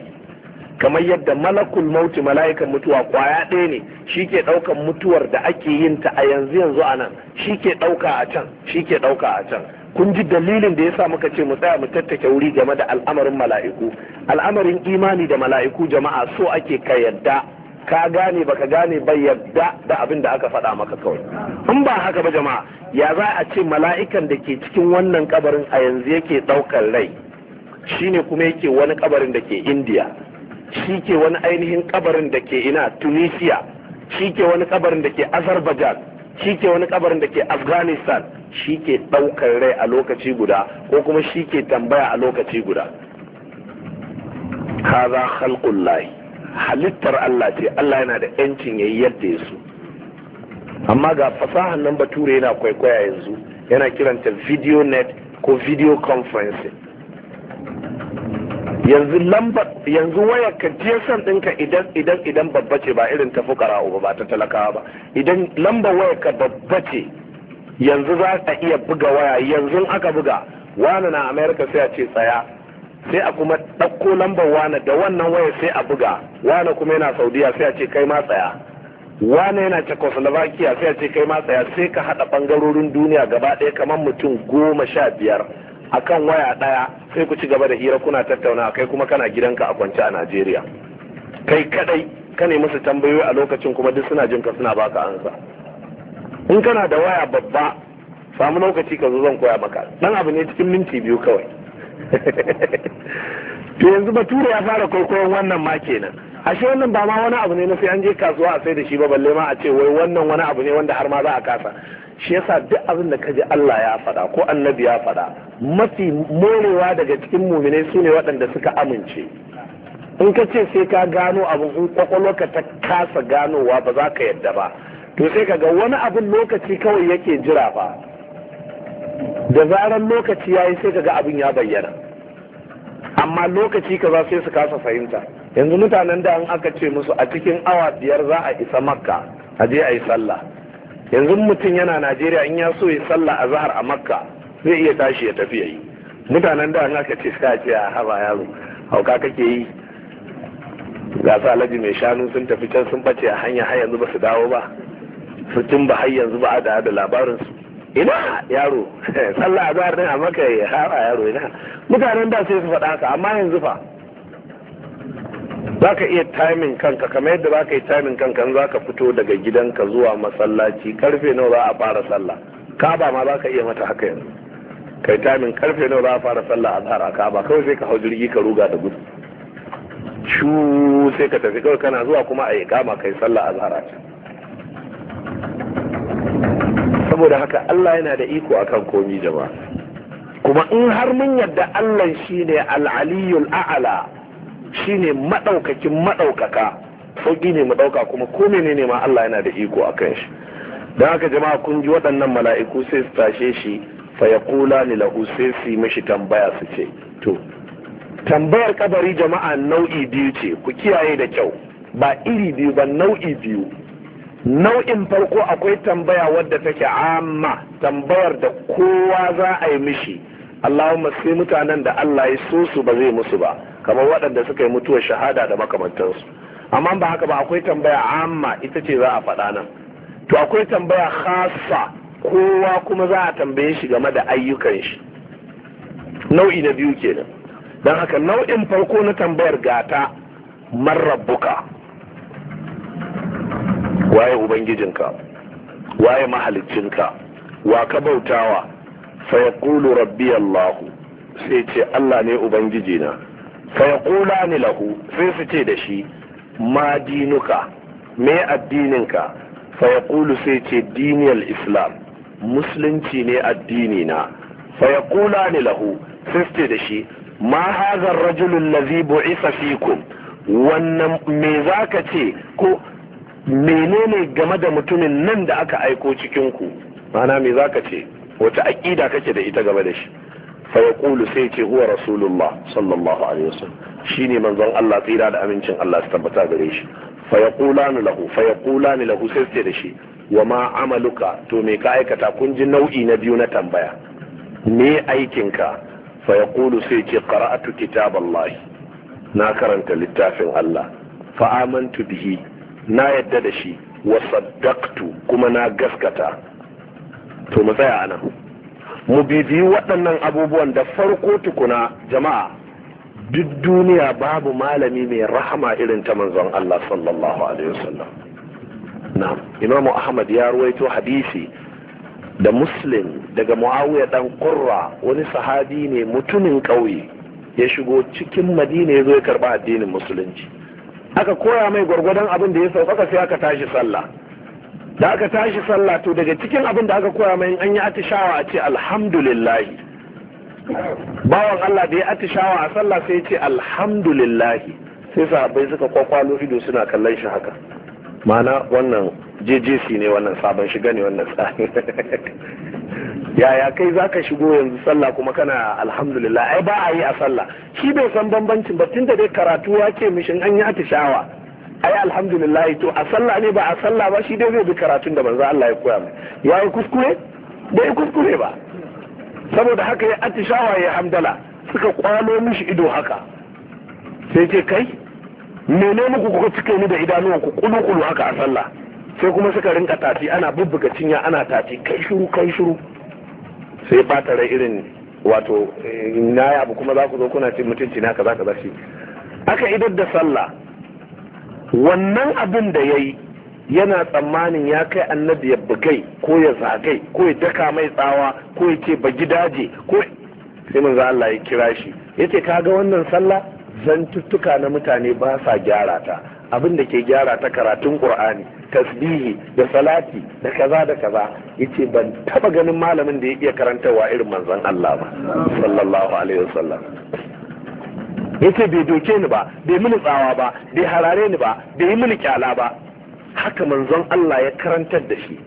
kamar yadda malakul mauti mala'ikan mutuwa kwaya ɗaya ne shi ke ɗaukan mutuwar da ake yin ta a yanzu yanzu a nan shi ke ɗauka a can shi ke ɗauka a can kun ji dalilin da ya sa muka ce mu tsaya mu tattake wuri game da al'amarin mala'iku al'amarin imani da mala'iku jama'a so ake ka yadda ka gane baka gane ba yadda da abin da aka faɗa maka kawai in ba haka ba jama'a ya za a ce mala'ikan da ke cikin wannan kabarin a yanzu yake ɗaukar rai shine kuma yake wani kabarin da ke indiya shi ke wani ainihin kabarin da ke ina tunisia shi ke wani kabarin da ke azerbaijan shi ke wani kabarin da ke afghanistan shi ke ɗaukar rai a lokaci guda ko kuma shi ke tambaya a lokaci guda kaza khalqullahi halittar Allah ce Allah yana da yancin yi yadda ya so amma ga fasahan nan bature yana kwaikwaya yanzu yana kiranta video net ko video conferencing yanzu lambar yanzu wayar ka GSM ɗinka idan idan idan babba ce ba irin ta fukara uba ba ta talakawa ba idan lambar wayar ka babba ce yanzu za ka iya buga waya yanzu aka buga wani na America sai a ce tsaya sai a kuma ɗauko lambar wani da wannan wayar sai a buga wani kuma yana Saudiya sai a ce kai ma tsaya wani yana Czechoslovakia sai a ce kai ma tsaya sai ka haɗa bangarorin duniya gaba ɗaya kamar mutum goma sha biyar A kan waya ɗaya sai ku ci gaba da hira kuna tattauna kai kuma kana gidanka a kwance a Najeriya kai kadai ka ne musu tambayoyi a lokacin kuma duk suna jinka suna baka ansa in kana da waya babba samu lokaci ka zo zan koya maka dan abu ne cikin minti biyu kawai to yanzu bature ya fara kwaikwayon wannan ma kenan ashe wannan ba ma wani abu ne na sai an je kasuwa a sai da shi ba balle ma a ce wai wannan wani abu ne wanda har ma za a kasa shi yasa duk abin da kaji Allah ya faɗa ko annabi ya faɗa mafi morewa daga cikin muminai su ne waɗanda suka amince in ka ce sai ka gano abin in kwakwalwarka ta kasa ganowa ba za ka yadda ba to sai ka ga wani abin lokaci kawai yake jira ba da zarar lokaci ya yi sai ka ga abin ya bayyana amma lokaci kaza sai su kasa fahimta yanzu mutanen da an aka ce musu a cikin awa biyar za a isa makka a je a yi sallah yanzu mutum yana najeriya in ya so ya sallah a zahar a makka zai iya tashi ya tafi yi mutanen da aka ce sa ce a ah, haba yaro hauka kake yi ga su mai shanu sun tafi can sun bace a hanya har yanzu ba su dawo ba su tun ba har yanzu ba a da da labarin su ina yaro sallah a zahar din a makka ya haba yaro ina mutanen da sai su faɗa haka amma yanzu fa za ka iya timing kanka kamar yadda za ka yi timing kanka za ka fito daga gidanka zuwa masallaci karfe nawa za a fara sallah ba ma za ka iya mata haka yanzu kai timing karfe nawa za a fara sallah a zahar ka ba kawai sai ka hau jirgi ka ruga da gudu shu sai ka tafi kawai kana zuwa kuma a yi kama kai sallah a zahar saboda haka Allah yana da iko akan komi jama'a kuma in har mun yadda Allah shine al-aliyyul a'la Shi ne maɗaukakin maɗaukaka. sauƙi ne mu ɗauka, kuma ko ne ma Allah yana da iko a kan shi don haka jama'a kun ji waɗannan mala'iku sai su tashe shi fa kula ni lahu sai su mishi tambaya su ce to tambayar kabari jama'a nau'i biyu ce ku kiyaye da kyau ba iri biyu ba nau'i biyu nau'in farko akwai tambaya wadda take amma tambayar da kowa za a yi mishi Allahumma sai mutanen da Allah ya so su ba zai musu ba kamar waɗanda suka yi mutuwar shahada da makamantansu amma ba haka ba akwai tambaya amma ita ce za a faɗa nan to akwai tambaya khasa kowa kuma za a tambaye shi game da ayyukan shi nau'i na biyu kenan don haka nau'in farko na tambayar gata man waye ubangijinka waye mahalicinka wa ka bautawa fa yaqulu rabbi allah sai ce allah ne ubangijina fa ni lahu sai su ce da shi ma dinuka me addininka fa sai ce diniyal islam musulunci ne addini na fa ni lahu sai su ce da shi ma hadha ar-rajul bu'isa fikum wannan me zaka ce ko menene game da mutumin nan da aka aiko cikin ku mana me zaka ce wata aƙida kake da ita game da shi fa sai ce huwa rasulullah sallallahu alaihi wasallam shine manzon Allah tsira da amincin Allah su tabbata gare shi fa lahu fa lahu sai ce da shi wa ma amaluka to me ka aikata kun ji nau'i na biyu na tambaya me aikinka ka yaqulu sai ce qara'atu kitaballahi na karanta littafin Allah fa amantu bihi na yadda da shi wa saddaqtu kuma na gaskata to mu tsaya anan mu bibiyi waɗannan abubuwan da farko tukuna jama'a duk duniya babu malami mai rahama irin ta manzon Allah sallallahu alaihi wasallam na imamu ahmad ya ruwaito hadisi da muslim daga muawiya dan qurra wani sahabi ne mutumin ƙauye ya shigo cikin madina ya zo ya karba addinin musulunci aka koya mai gwargwadon abin da ya sauƙaƙa sai aka tashi sallah da aka tashi sallah to daga cikin abin da aka koya mai an yi atishawa a ce alhamdulillahi bawan Allah da ya atishawa a sallah sai ya ce alhamdulillahi sai sahabbai suka kwakwalo ido suna kallon shi haka mana wannan JJC ne wannan sabon shiga ne wannan tsari yaya kai za ka shigo yanzu sallah kuma kana alhamdulillah ai ba a yi a sallah shi bai san bambancin ba tunda dai karatu ya ce mishin an yi atishawa ai alhamdulillah to a sallah ne ba a sallah ba shi dai zai bi karatun da manzo Allah ya koya mai yayi kuskure bai kuskure ba saboda haka ya atishawa ya hamdala suka kwano mishi ido haka sai ce kai mene muku kuka cike ni da idanuwan ku kulu kulu haka a sallah sai kuma suka rinka tati, ana bubbuga cinya ana tati kai shiru kai shiru sai bata rai irin wato eh, na abu kuma za ku zo kuna cin mutunci na kaza kaza shi aka idar da sallah wannan abin da ya yi yana tsammanin ya kai annabi ya bugai ko ya zagai ko ya daka mai tsawa ko ya ce ba gidaje ko sai manzo Allah ya kira shi yace kaga wannan sallah zantuttuka na mutane ba sa gyara ta abin da ke gyara ta karatun qur'ani tasbihi da salati da kaza da kaza yace ban taba ganin malamin da ya iya karantawa irin manzon Allah ba sallallahu alaihi wasallam ya ce bai doke ni ba bai mini tsawa ba bai harare ni ba bai yi mini kyala ba haka manzon Allah ya karantar da shi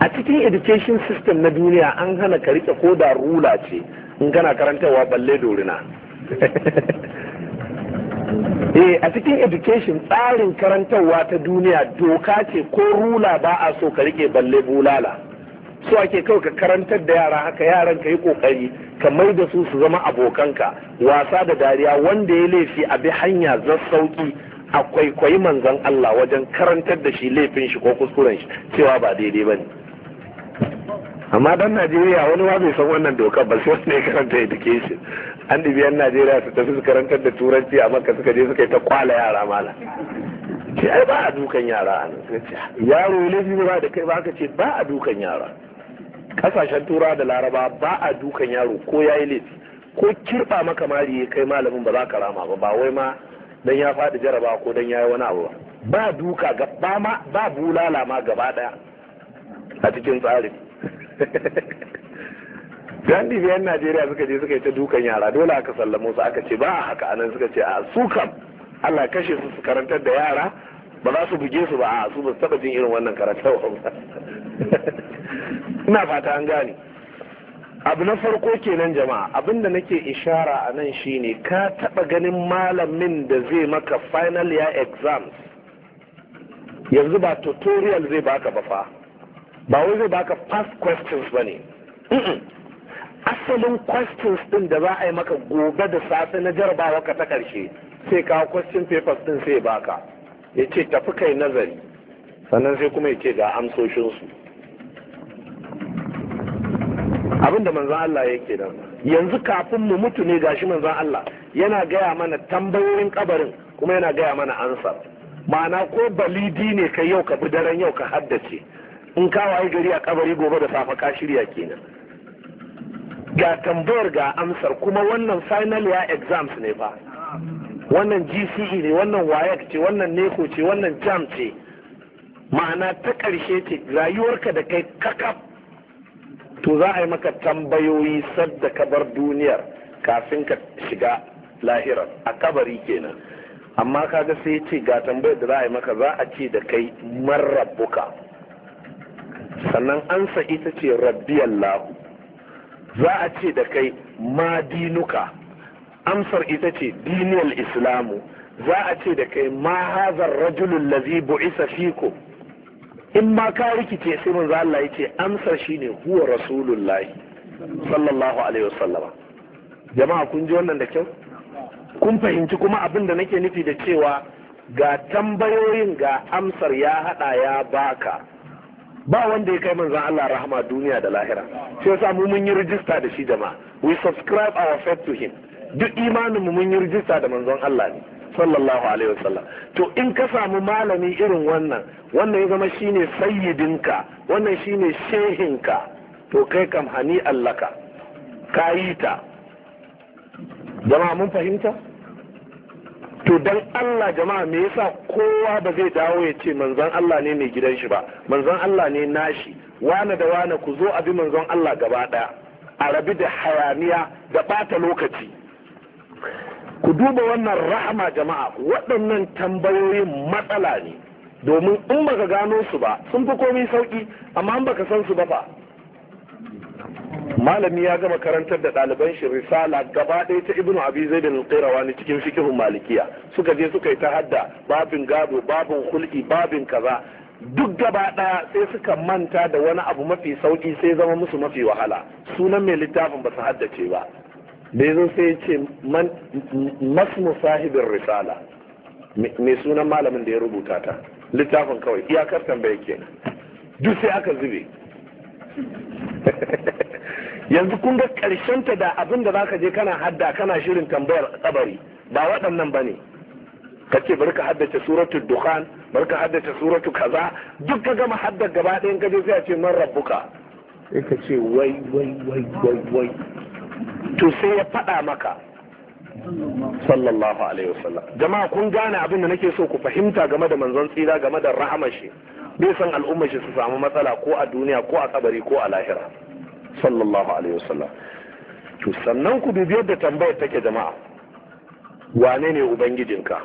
a cikin education system na duniya an hana ka rike ko da rula ce in kana karantarwa balle dorina eh a cikin education tsarin karantarwa ta duniya doka ce ko rula ba a so ka rike balle bulala su ake kawai ka karantar da yara haka yaran ka yi kokari ka mai da su su zama abokanka wasa da dariya wanda ya laifi a bi hanya zan sauki a kwaikwayi manzon Allah wajen karantar da shi laifin shi ko kuskuren shi cewa ba daidai ba ne amma dan Najeriya wani ma bai san wannan dokar ba sai wanda ya karanta education an dibi yan Najeriya su tafi su karantar da turanci a maka suka je suka yi ta kwala yara mala ce ai ba a dukan yara a nan yaro laifi ba da kai ba ka ce ba a dukan yara kasashen tura da laraba ba a dukan yaro ko ya yi laifi ko kirba maka mari ya kai malamin ba za ka rama ba ba wai ma dan ya faɗi jaraba ko dan ya yi wani abu ba duka ba ma ba bulala ma gaba daya a cikin tsarin gandi biyan najeriya suka je suka yi ta dukan yara dole aka sallamo su aka ce ba a haka anan suka ce a su kam allah kashe su su karantar da yara ba za su buge su ba a su ba taba jin irin wannan karatu ina fata an gane abu na farko kenan jama'a abinda nake ishara a nan shine ka taba ganin malamin da zai maka final year exams yanzu ba tutorial zai baka ba fa ba wai zai baka past questions ba ne asalin questions din da za a yi maka gobe da safe na jarabawa ka ta karshe sai ka question papers din sai baka ya ce tafi kai nazari sannan sai kuma ya ce ga amsoshinsu abinda manzan Allah yake nan yanzu kafin mu mutu ne gashi manzan Allah yana gaya mana tambayoyin kabarin kuma yana gaya mana ansar ma'ana ko balidi ne kai yau ka bi daren yau ka haddace in ka waye gari a kabari gobe da safa ka shirya kenan ga tambayar ga amsar kuma wannan final ya exams ne fa wannan gce ne wannan wayak e ce wannan neko ce wannan jam ce ma'ana ta ƙarshe ce rayuwarka da kai kakaf to za a yi maka tambayoyi sadda ka bar duniyar kafin ka shiga lahirar a kabari kenan amma kaga sai ce ga tambayar da za a yi maka za a ce da kai marrabbuka sannan ansa ita ce rabbi Allah za a ce da kai madinuka amsar ita ce diniyar islamu za a ce da kai ma hazar rajulun lazi bu'isa fiko in ma ka rikice sai manzo Allah yace amsar shine huwa rasulullahi sallallahu alaihi wasallama jama'a kun ji wannan da kyau kun fahimci kuma abin da nake nufi da cewa ga tambayoyin ga amsar ya hada ya baka ba wanda ya kai zan Allah rahama duniya da lahira sai yasa mu mun yi rijista da shi jama'a we subscribe our faith to him duk imanin mu mun yi rijista da manzon Allah ne sallallahu alaihi wasallam to in ka samu malami irin wannan wannan ya zama shine sayyidinka wannan shine shehinka to kai kam hani allaka kayi ta jama'a mun fahimta to dan Allah jama'a me yasa kowa ba zai dawo ya ce manzon Allah ne mai gidan shi ba manzon Allah ne nashi wane da wane ku zo a bi manzon Allah gaba daya a rabi da hayaniya da bata lokaci ku duba wannan rahama jama'a waɗannan tambayoyin matsala ne domin in baka gano su ba sun fi komai sauki amma in baka san su ba fa malami ya gama karantar da ɗaliban shi risala gaba ɗaya ta ibnu abi zaid al-qirawani cikin fikihun malikiya suka je suka yi ta hadda babin gado babin hulki babin kaza duk gaba ɗaya sai suka manta da wani abu mafi sauƙi sai zama musu mafi wahala sunan mai littafin ba su haddace ba da ya sai ya ce masmu sahibin risala mai sunan malamin da ya rubuta ta littafin kawai iyakar tambaya kenan duk sai aka zube yanzu kun ga ta da abin da zaka je kana hadda kana shirin tambayar kabari ba waɗannan ba ne ka ce bari ka haddace suratu dukhan bari ka haddace suratu kaza duk ka gama haddar gaba ɗayan ka je sai a ce man rabbuka sai ka ce wai wai wai wai wai to sai ya faɗa maka sallallahu alaihi wasallam jama'a kun gane abin da nake so ku fahimta game da manzon tsira game da rahamar shi bai san al'ummar shi su samu matsala ko a duniya ko a kabari ko a lahira sallallahu alaihi wasallam to sannan ku dubi yadda tambayar take jama'a wane ne ubangijinka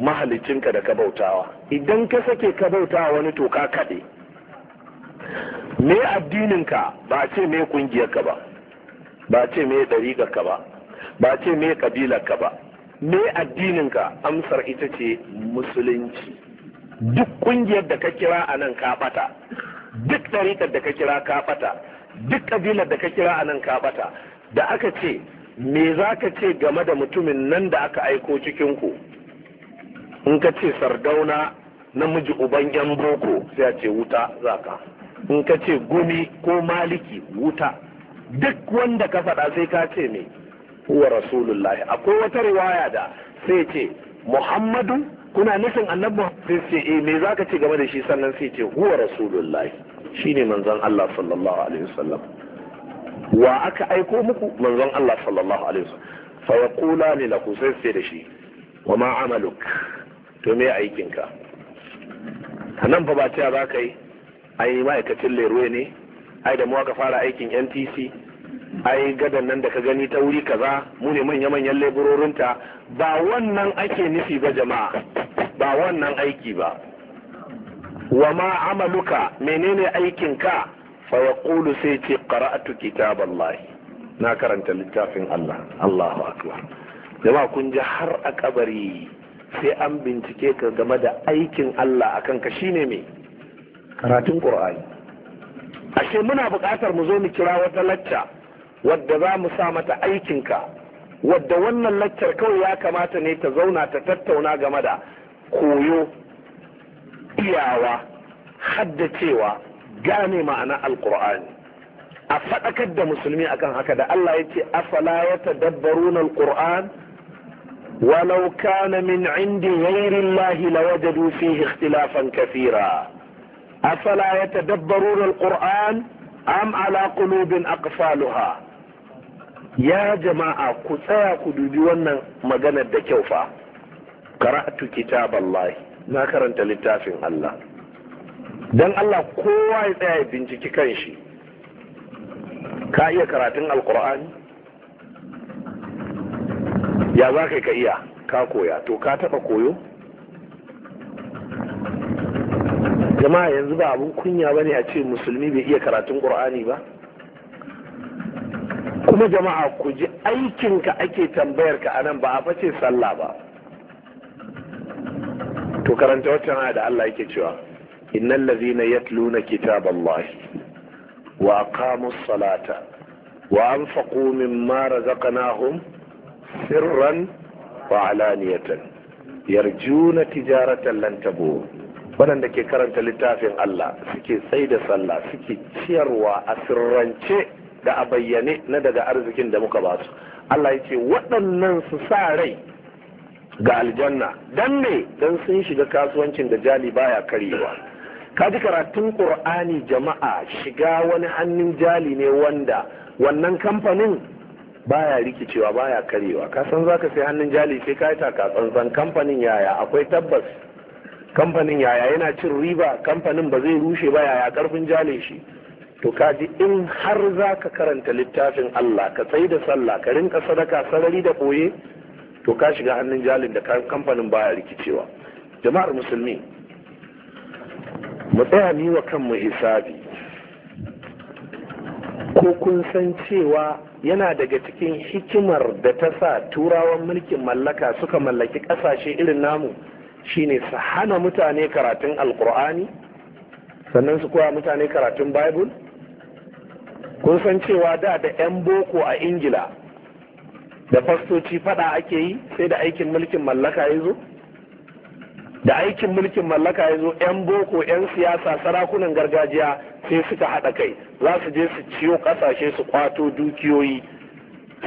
mahalicinka da ka bautawa idan ka sake ka bautawa wani to ka kaɗe me addininka ba ce me kungiyarka ba ba ce me ka ba ba ce me ƙabilarka ba me addininka amsar ita ce musulunci duk ƙungiyar da ka kira a nan ka duk ɗariƙar da ka kira ka duk ƙabilar da ka kira a nan ka da aka ce me za ka ce game da mutumin nan da aka aiko cikinku in ka ce sardauna namiji uban yan boko sai a ce wuta za ka in ka ce gumi ko maliki wuta duk wanda ka faɗa sai ka ce ne huwa rasulullahi akwai wata riwaya da sai ce muhammadu kuna nufin annabi sai ce eh me zaka ce game da shi sannan sai ce huwa rasulullahi shine manzon Allah sallallahu alaihi wasallam wa aka aiko muku manzon Allah sallallahu alaihi wasallam fa yaqula li lahu sai sai da shi wa ma amaluk to me ka nan fa ba ta ba kai ai ma'aikacin leruwe ne ai da mu aka fara aikin NTC ai gadan nan da ka gani ta wuri kaza mu ne manya manyan leburorinta ba wannan ake nufi ba jama'a ba wannan aiki ba wa ma amaluka menene aikin ka fa yaqulu sai ce qara'tu kitaballahi na karanta littafin Allah Allahu akbar jama'a kun ji har a kabari sai an bincike ka game da aikin Allah akan ka shine me karatun Qur'ani ashe muna buƙatar mu zo mu kira wata lacca wadda za mu sa mata aikinka wadda wannan laccar kawai ya kamata ne ta zauna ta tattauna game da koyo iyawa haddacewa gane ma'ana alkur'ani a faɗakar da musulmi akan haka da Allah ya ce afala ya tadabbaruna alkur'an walau kana min indi ghairi lawajadu fihi ikhtilafan kathira أفلا يتدبرون القرآن أم على قلوب أقفالها يا جماعة كسايا كدودي وانا مغانا دكيوفا قرأت كتاب الله na karanta littafin Allah don Allah kowa ya tsaya binciki kan shi ka iya karatun alkur'ani ya za ka iya ka koya to ka taɓa koyo jama'a yanzu ba abin kunya ne a ce musulmi bai iya karatun ƙur'ani ba kuma jama'a ku ji aikinka ake tambayar ka anan ba a face sallah ba to karanta waccan da Allah yake cewa innal ladzina yatluna kitaballahi wa aqamus salata wa anfaqu mimma razaqnahum sirran wa alaniyatan yarjuna tijaratan lan tabur waɗanda ke karanta littafin Allah suke sai da sallah suke ciyarwa a sirrance da a bayyane na daga arzikin da muka basu Allah ya ce waɗannan su sa rai ga aljanna dan ne don sun shiga kasuwancin da jali baya karyewa ji karatun qur'ani jama'a shiga wani hannun jali ne wanda wannan kamfanin baya rikicewa baya karyewa ka san zaka sai hannun jali sai ka yi taka tsantsan kamfanin yaya akwai tabbas kamfanin yaya yana cin riba kamfanin ba zai rushe ba yaya karfin jale shi to kaji in har za ka karanta littafin Allah ka tsaye da sallah ka rinka sadaka sarari da koye to ka shiga hannun jalin da kamfanin baya rikicewa jama'ar musulmi mu tsaya ni wa kanmu hisabi ko kun san cewa yana daga cikin hikimar da ta sa turawan mulkin mallaka suka mallaki kasashe irin namu shine su hana mutane karatun alkur'ani sannan su koya mutane karatun bible kun san cewa da da 'yan boko a ingila da fastoci fada ake yi sai da aikin mulkin mallaka ya zo da aikin mulkin mallaka ya zo 'yan boko 'yan siyasa sarakunan gargajiya sai suka haɗa kai za su je su ciyo ƙasashe su kwato dukiyoyi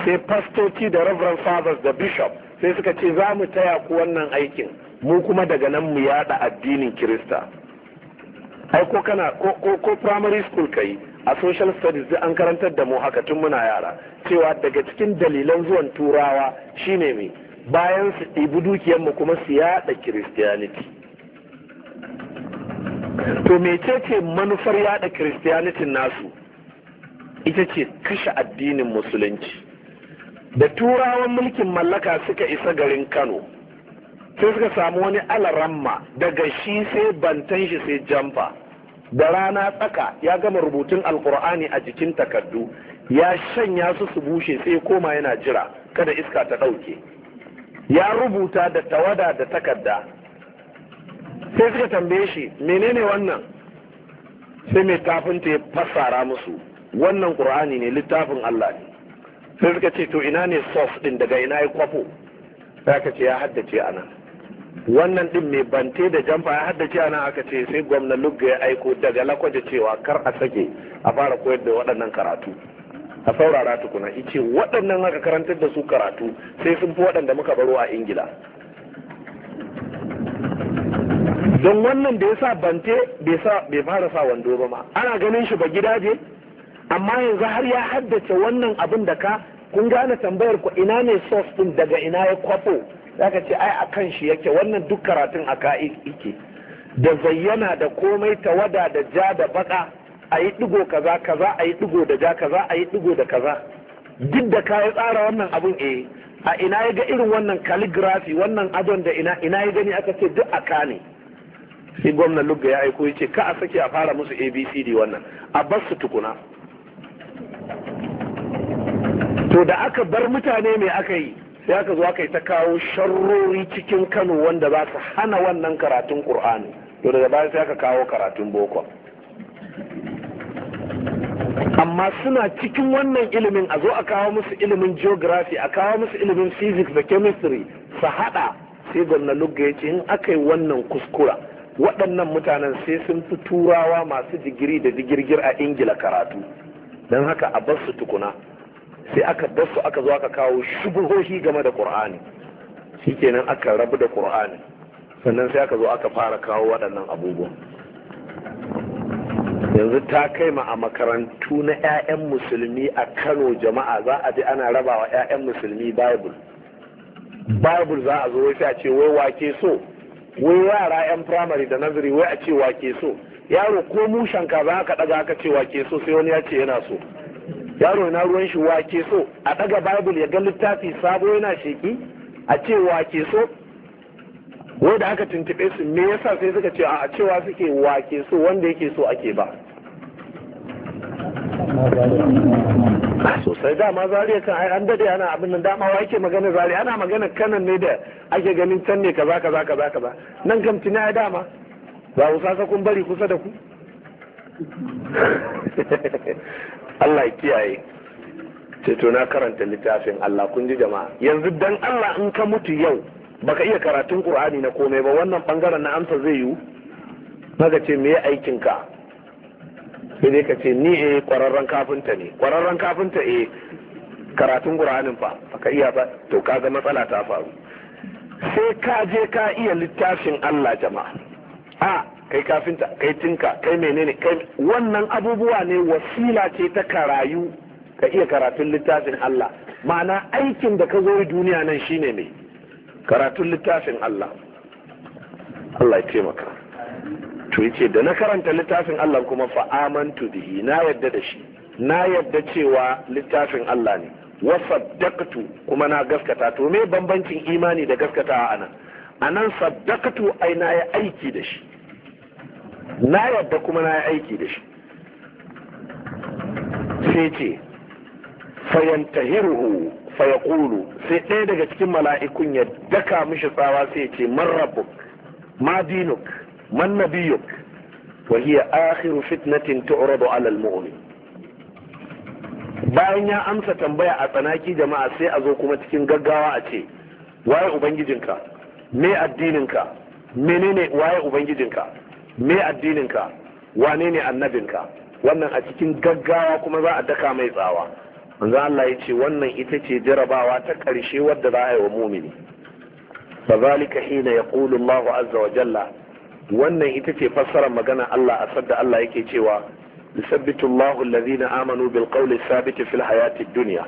sai fastoci da reverend fathers da bishop sai suka ce za mu taya ku wannan aikin mu kuma daga nan mu yada addinin kirista ai ko kana ko ko primary school kai a social studies duk an karantar da mu haka tun muna yara cewa daga cikin dalilan zuwan turawa shine me bayan su ibi dukiyar mu kuma su yada christianity to mecece manufar yada christianity nasu ita ce kashe addinin musulunci da turawan mulkin mallaka suka isa garin kano sai suka samu wani alaramma daga shi sai bantan shi sai jamfa da rana tsaka ya gama rubutun alkur'ani a jikin takardu ya shanya su su bushe sai koma yana jira kada iska ta ɗauke ya rubuta da tawada da takarda sai suka tambaye shi menene wannan sai mai tafinta ya fassara musu wannan ƙur'ani ne littafin Allah ne sai suka ce to ina ne sauce din daga ina ya kwafo Ya ka ce ya haddace a nan wannan din mai bante da jamfa ya haddace a aka ce sai gwamna lugga ya aiko daga lakwaje cewa kar a sake a fara koyar da waɗannan karatu a saurara tukuna ice waɗannan aka karantar da su karatu sai sun fi waɗanda muka baro a ingila don wannan da ya sa bante bai fara sa wando ba ma ana ganin shi ba gida je amma yanzu har ya haddace wannan abin da ka kun gane tambayar ku ina ne sos din daga ina ya kwafo zaka ce ai akan shi yake wannan duk karatun a ka'i yake da zayyana da komai ta wada da ja da baka a yi digo kaza kaza a yi digo da ja kaza a yi digo da kaza duk da ka tsara wannan abun eh a ina ya ga irin wannan calligraphy wannan adon da ina ina ya gani aka ce duk a ka ne sai gwamnan lugga ya aiko ya ce ka a sake a fara musu abcd wannan a bar su tukuna to da aka bar mutane mai aka yi sai ka zo kai yi ta kawo sharrori cikin kano wanda za su hana wannan karatun ƙur'ani to daga baya sai aka kawo karatun boko amma suna cikin wannan ilimin a zo a kawo musu ilimin geography a kawo musu ilimin physics da chemistry su haɗa sai gwamna lugga ya ce in aka yi wannan kuskura waɗannan mutanen sai sun fi turawa masu digiri da digirgir a ingila karatu don haka a bar su tukuna sai aka dasu aka zo aka kawo shubuhohi game da qur'ani shikenan aka rabu da qur'ani sannan sai aka zo aka fara kawo waɗannan abubuwan yanzu ta kai ma a makarantu na 'ya'yan musulmi a kano jama'a za a ji ana raba wa 'ya'yan musulmi bible bible za a zo wai sai a ce wai wake so wai yara 'yan firamare da nazari wai a ce wake so yaro ko mushanka za ka ɗaga aka ce wake so sai wani ya ce yana so yaro na ruwan shi wake so a daga bible ya ga littafi sabo yana sheki a ce wake so wai da aka tuntube su me yasa sai suka ce a cewa suke wake so wanda yake so ake ba sosai dama zariya kan ai an dade ana abin nan dama wa yake magana zariya ana magana kanan ne da ake ganin can ne kaza kaza kaza kaza nan kam tuna ya dama ba ku sasa kun bari kusa da ku Allah ya kiyaye ce to na karanta littafin Allah kun ji jama'a yanzu dan Allah in ka mutu yau baka iya karatun Qur'ani na komai ba wannan bangaren na amsa zai yiwu maka ce me aikin ka sai dai ka ce ni eh kwararren kafinta ne kwararren kafinta eh karatun Qur'anin fa baka iya ba to kaga matsala ta faru sai ka je ka iya littafin Allah jama'a a kai kafinta kai tinka kai menene kai wannan abubuwa ne wasila ce ta karayu ka iya karatun littafin Allah ma'ana aikin da ka zo duniya nan shine mai karatun littafin Allah Allah ya taimaka to yace da na karanta littafin Allah kuma fa amantu bihi na yadda da shi na yadda cewa littafin Allah ne wa saddaqtu kuma na gaskata to me bambancin imani da gaskatawa nan. anan saddaqtu ai na yi aiki da shi na yadda kuma na yi aiki da shi sai ce fayantahiruhu fayaqulu sai ɗaya daga cikin mala'ikun ya daka mishi tsawa sai ce man rabbuk ma dinuk man nabiyuk wa hiya akhiru fitnatin tu'radu 'ala al-mu'min bayan ya amsa tambaya a tsanaki jama'a sai a zo kuma cikin gaggawa a ce waye ubangijinka me addininka menene waye ubangijinka me addininka wane ne annabinka wannan a cikin gaggawa kuma za a daka mai tsawa manzo Allah ya ce wannan ita ce jarabawa ta ƙarshe wadda za a yi wa mumini fazalika hina yaqulu Allahu azza wa jalla wannan ita ce fassarar magana Allah a sadda Allah yake cewa yusabbitu Allahu alladhina amanu bil qawli thabit fil hayati dunya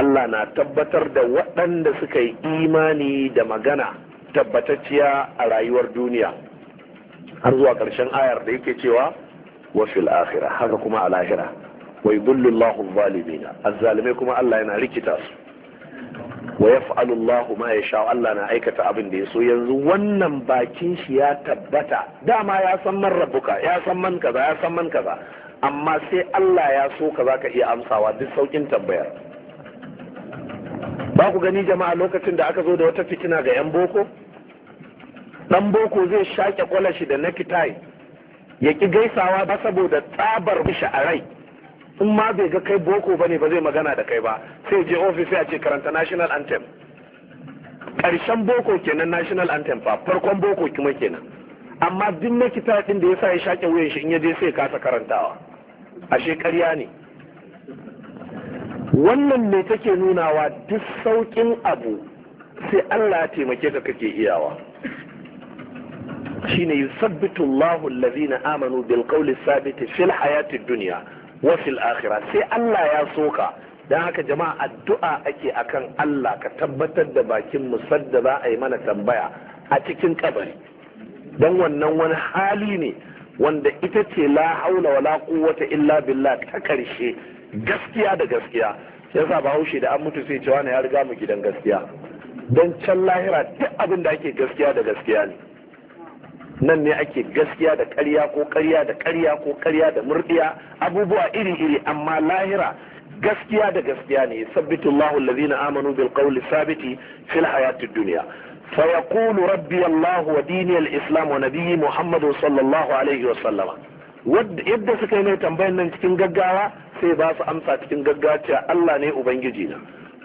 Allah na tabbatar da waɗanda suka yi imani da magana tabbatacciya a rayuwar duniya har zuwa ƙarshen ayar da yake cewa wa fil akhirah haka kuma a lahira wa yudullu Allahu zalimina azzalimai kuma Allah yana rikita su wa yaf'alu Allahu ma yasha Allah na aikata abin da yaso yanzu wannan bakin shi ya tabbata dama ya san man rabbuka ya san man kaza ya san man kaza amma sai Allah ya so ka zaka iya amsawa duk saukin tambayar ba ku gani jama'a lokacin da aka zo da wata fitina ga yan boko Ɗan boko zai shaƙe kwalashi da nekitai ya ki gaisawa ba saboda tsabar mishi a rai in ma bai ga kai boko bane ba zai magana da kai ba sai je ofis ya ce karanta national anthem karshen boko kenan national anthem fa farkon boko kuma kenan amma duk nakitai din da ya sa ya shaƙe wuyan shi in ya je sai kasa karantawa ashe ƙarya ne wannan ne take nunawa duk sauƙin abu sai Allah ya taimake ka kake iyawa shine yusabbitu Allahu allazina amanu bil qawli sabiti fil hayati dunya wa fil akhirah sai Allah ya soka dan haka jama'a addu'a ake akan Allah ka tabbatar da bakin mu sadda za a yi mana tambaya a cikin kabari dan wannan wani hali ne wanda ita ce la haula wala quwwata illa billah ta karshe gaskiya da gaskiya yasa bahaushe da an mutu sai cewa ya riga mu gidan gaskiya don can lahira duk abin da ake gaskiya da gaskiya ne nan ne ake gaskiya da karya ko karya da karya ko karya da murdiya abubuwa iri-iri amma lahira gaskiya da gaskiya ne sabbitullahu Allahu allazina amanu bil qawli sabiti fil hayatid dunya فيقول ربي الله وديني الإسلام ونبي محمد صلى الله عليه وسلم yadda suka yi mai tambayan nan cikin gaggawa sai ba su amsa cikin gaggawa cewa Allah ne ubangiji na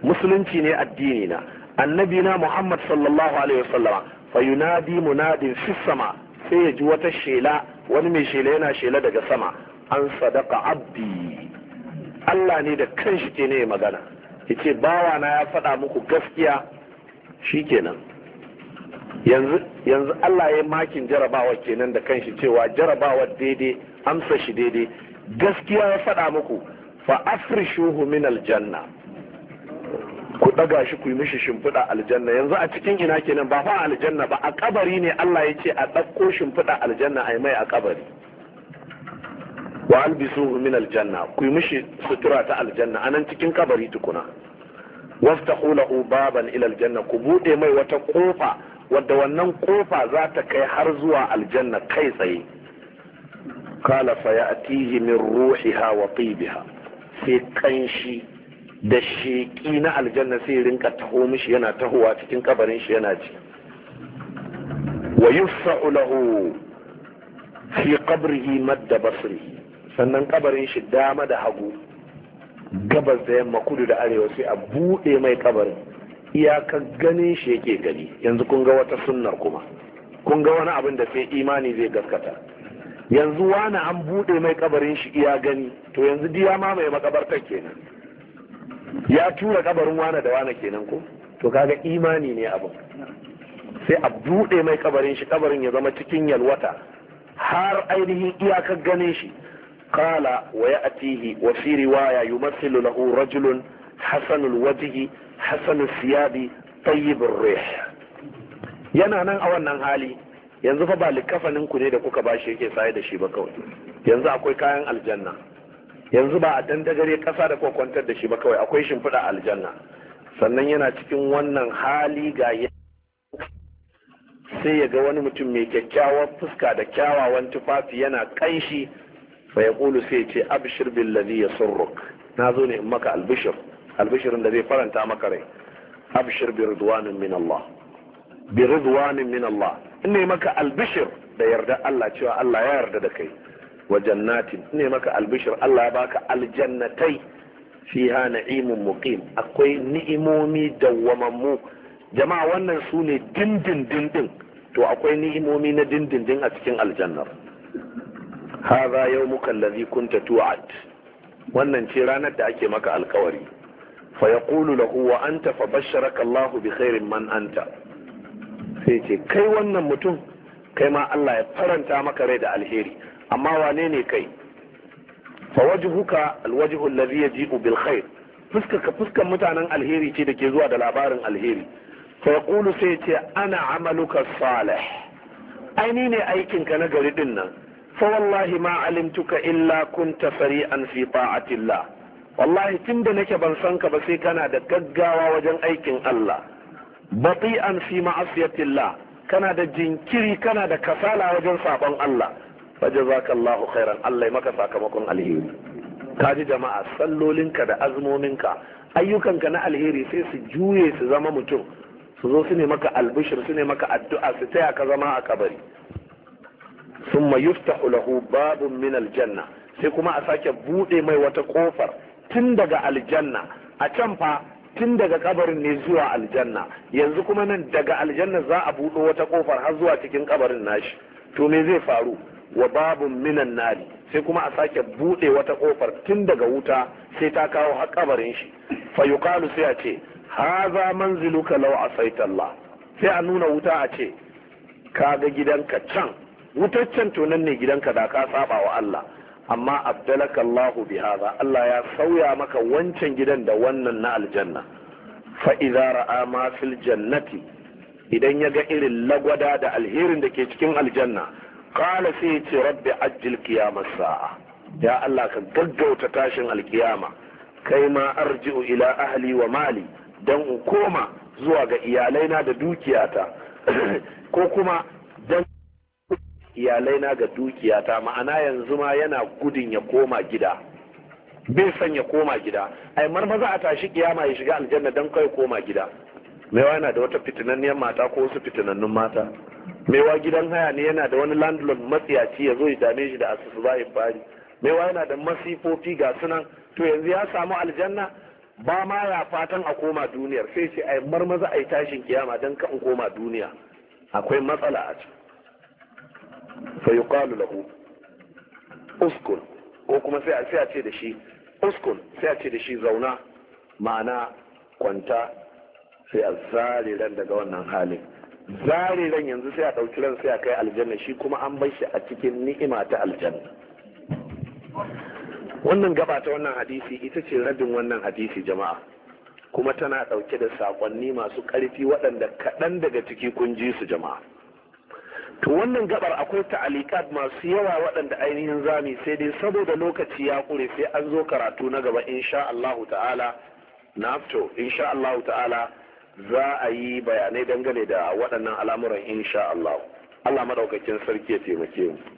musulunci ne addini na annabi na Muhammad sallallahu alaihi wasallam fa yunadi munadin fis sama sai ya ji wata shela wani mai shela yana shela daga sama an sadaka abdi Allah ne da kanshi ke ne magana yace bawa na ya faɗa muku gaskiya shikenan yanzu yanzu Allah ya makin jarabawa kenan da kanshi cewa jarabawa daidai amsa shi daidai gaskiya ya faɗa muku fa afrishuhu min aljanna ku daga shi ku yi mishi shimfiɗa aljanna yanzu a cikin ina kenan ba fa aljanna ba a kabari ne Allah ya ce a ɗauko shimfiɗa aljanna a yi mai a kabari wa albisuhu min aljanna ku yi mishi sutura ta aljanna anan cikin kabari tukuna waftahu lahu baban ila aljanna ku bude mai wata kofa wadda wannan kofa za ta kai har zuwa aljanna kai tsaye kala fa ya'tihi min ruhiha wa tibiha sai kanshi da sheƙi na aljanna sai rinka taho mishi yana tahowa cikin kabarin shi yana ji wa yusra'u lahu fi qabrihi madda basri sannan kabarin shi dama da hagu gabas da yamma kudu da arewa sai a buɗe mai kabarin iyakar ganin shi yake gani yanzu kun ga wata sunnar kuma kun ga wani abin da sai imani zai gaskata yanzu wani an buɗe mai kabarin shi iya gani to yanzu diya ma mai makabartar kenan ya tura kabarin wane da wane kenan ko to kaga imani ne abu. sai a bude mai kabarin shi kabarin ya zama cikin yalwata har ainihin iyakar ganin shi kala wa ya atihi wa fi riwaya yumassilu lahu rajulun hasanul wajihi hasanul siyabi tayyibur rih yana nan a wannan hali yanzu fa ba likafanin ku ne da kuka bashi yake saye da shi ba kawai yanzu akwai kayan aljanna yanzu ba a dandagare kasa da kwakwantar da shi ba kawai akwai shimfiɗa aljanna sannan yana cikin wannan hali ga sai ya ga wani mutum mai kyakkyawan fuska da kyawawan tufafi yana kanshi fa ya kulu sai ce abshir billazi ya rok. na zo ne in maka albishir albishirin da zai faranta maka rai abshir bi ridwanin min Allah bi ridwanin min Allah in ne maka albishir da yarda Allah cewa Allah ya yarda da kai wa jannatin ne maka albishir Allah ya baka aljannatai ha na'imun muqim akwai ni'imomi dawwamammu jama'a wannan su ne dindindin to akwai ni'imomi na dindindin a cikin aljannar hadha yawmuka allazi kunta tu'ad wannan ce ranar da ake maka alkawari fa yaqulu lahu wa anta fa basharaka Allah bi khairin man anta sai ce kai wannan mutum kai ma Allah ya faranta maka rai da alheri amma wane ne kai fa wajhuka alwajhu alladhi yaji'u bil khair fuskan mutanen alheri ce da ke zuwa da labarin alheri fa sai ce ana amaluka salih ai ni ne aikin ka na gari din nan fa wallahi ma alimtuka illa kunta sari'an fi ta'atillah wallahi tunda nake ban san ka ba sai kana da gaggawa wajen aikin Allah an fi ma'asiyatillah kana da jinkiri kana da kasala wajen sabon Allah fajazakallahu khairan Allah ya maka sakamakon alheri ka ji jama'a sallolinka da azumominka ayyukanka na alheri sai su juye su zama mutum su zo su ne maka albishir su ne maka addu'a su taya ka zama a kabari summa yuftahu lahu babun min aljanna sai kuma a sake bude mai wata kofar tun daga aljanna a can fa tun daga kabarin ne zuwa aljanna yanzu kuma nan daga aljanna za a buɗo wata kofar har zuwa cikin kabarin nashi to me zai faru wa babun minan nari sai kuma a sake buɗe wata ƙofar tun daga wuta sai ta kawo haƙabarin shi fa yuqalu sai a ce haza manziluka law asaita Allah sai a nuna wuta a ce kaga gidanka can wutaccen to nan ne gidanka da ka saba wa Allah amma abdalaka Allah bi haza Allah ya sauya maka wancan gidan da wannan na aljanna fa idza ra'a ma fil jannati idan ya ga irin lagwada da alherin da ke cikin aljanna kala sai ya ce rabbi ajil qiyamah sa'a ya Allah ka gaggauta tashin alkiyama kai ma arji'u ila ahli wa mali dan in koma zuwa ga iyalaina da dukiyata ko kuma dan iyalaina ga dukiyata ma'ana yanzu ma yana gudun ya koma gida bai son ya koma gida ai marmaza a tashi kiyama ya shiga aljanna dan kai koma gida mai yana da wata fitinanniyar mata ko wasu fitinannun mata maiwa gidan haya ne yana da wani landlord matsiyaci ya zo ya dame shi da asusu bayin bari maiwa yana da masifofi ga sunan to yanzu ya samu aljanna ba ma ya fatan a koma duniyar sai ce ai marmaza ai tashin kiyama dan ka in koma duniya akwai matsala a ciki fa yuqalu lahu uskun ko kuma sai a sai a ce da shi uskun sai a ce da shi zauna ma'ana kwanta sai a zare ran daga wannan halin zare ran yanzu sai a ɗauki ran sai a kai aljanna shi kuma an bar shi a cikin ni'ima ta aljanna wannan gaba ta wannan hadisi ita ce rabin wannan hadisi jama'a kuma tana ɗauke da saƙonni masu ƙarfi waɗanda kaɗan daga ciki kun ji su jama'a to wannan gabar akwai ta'alikat masu yawa waɗanda ainihin zami sai dai saboda lokaci ya ƙure sai an zo karatu na gaba insha Allahu ta'ala na insha Allahu ta'ala za a yi bayanai dangane da waɗannan al'amuran insha Allah Allah madaukakin sarki ya taimake mu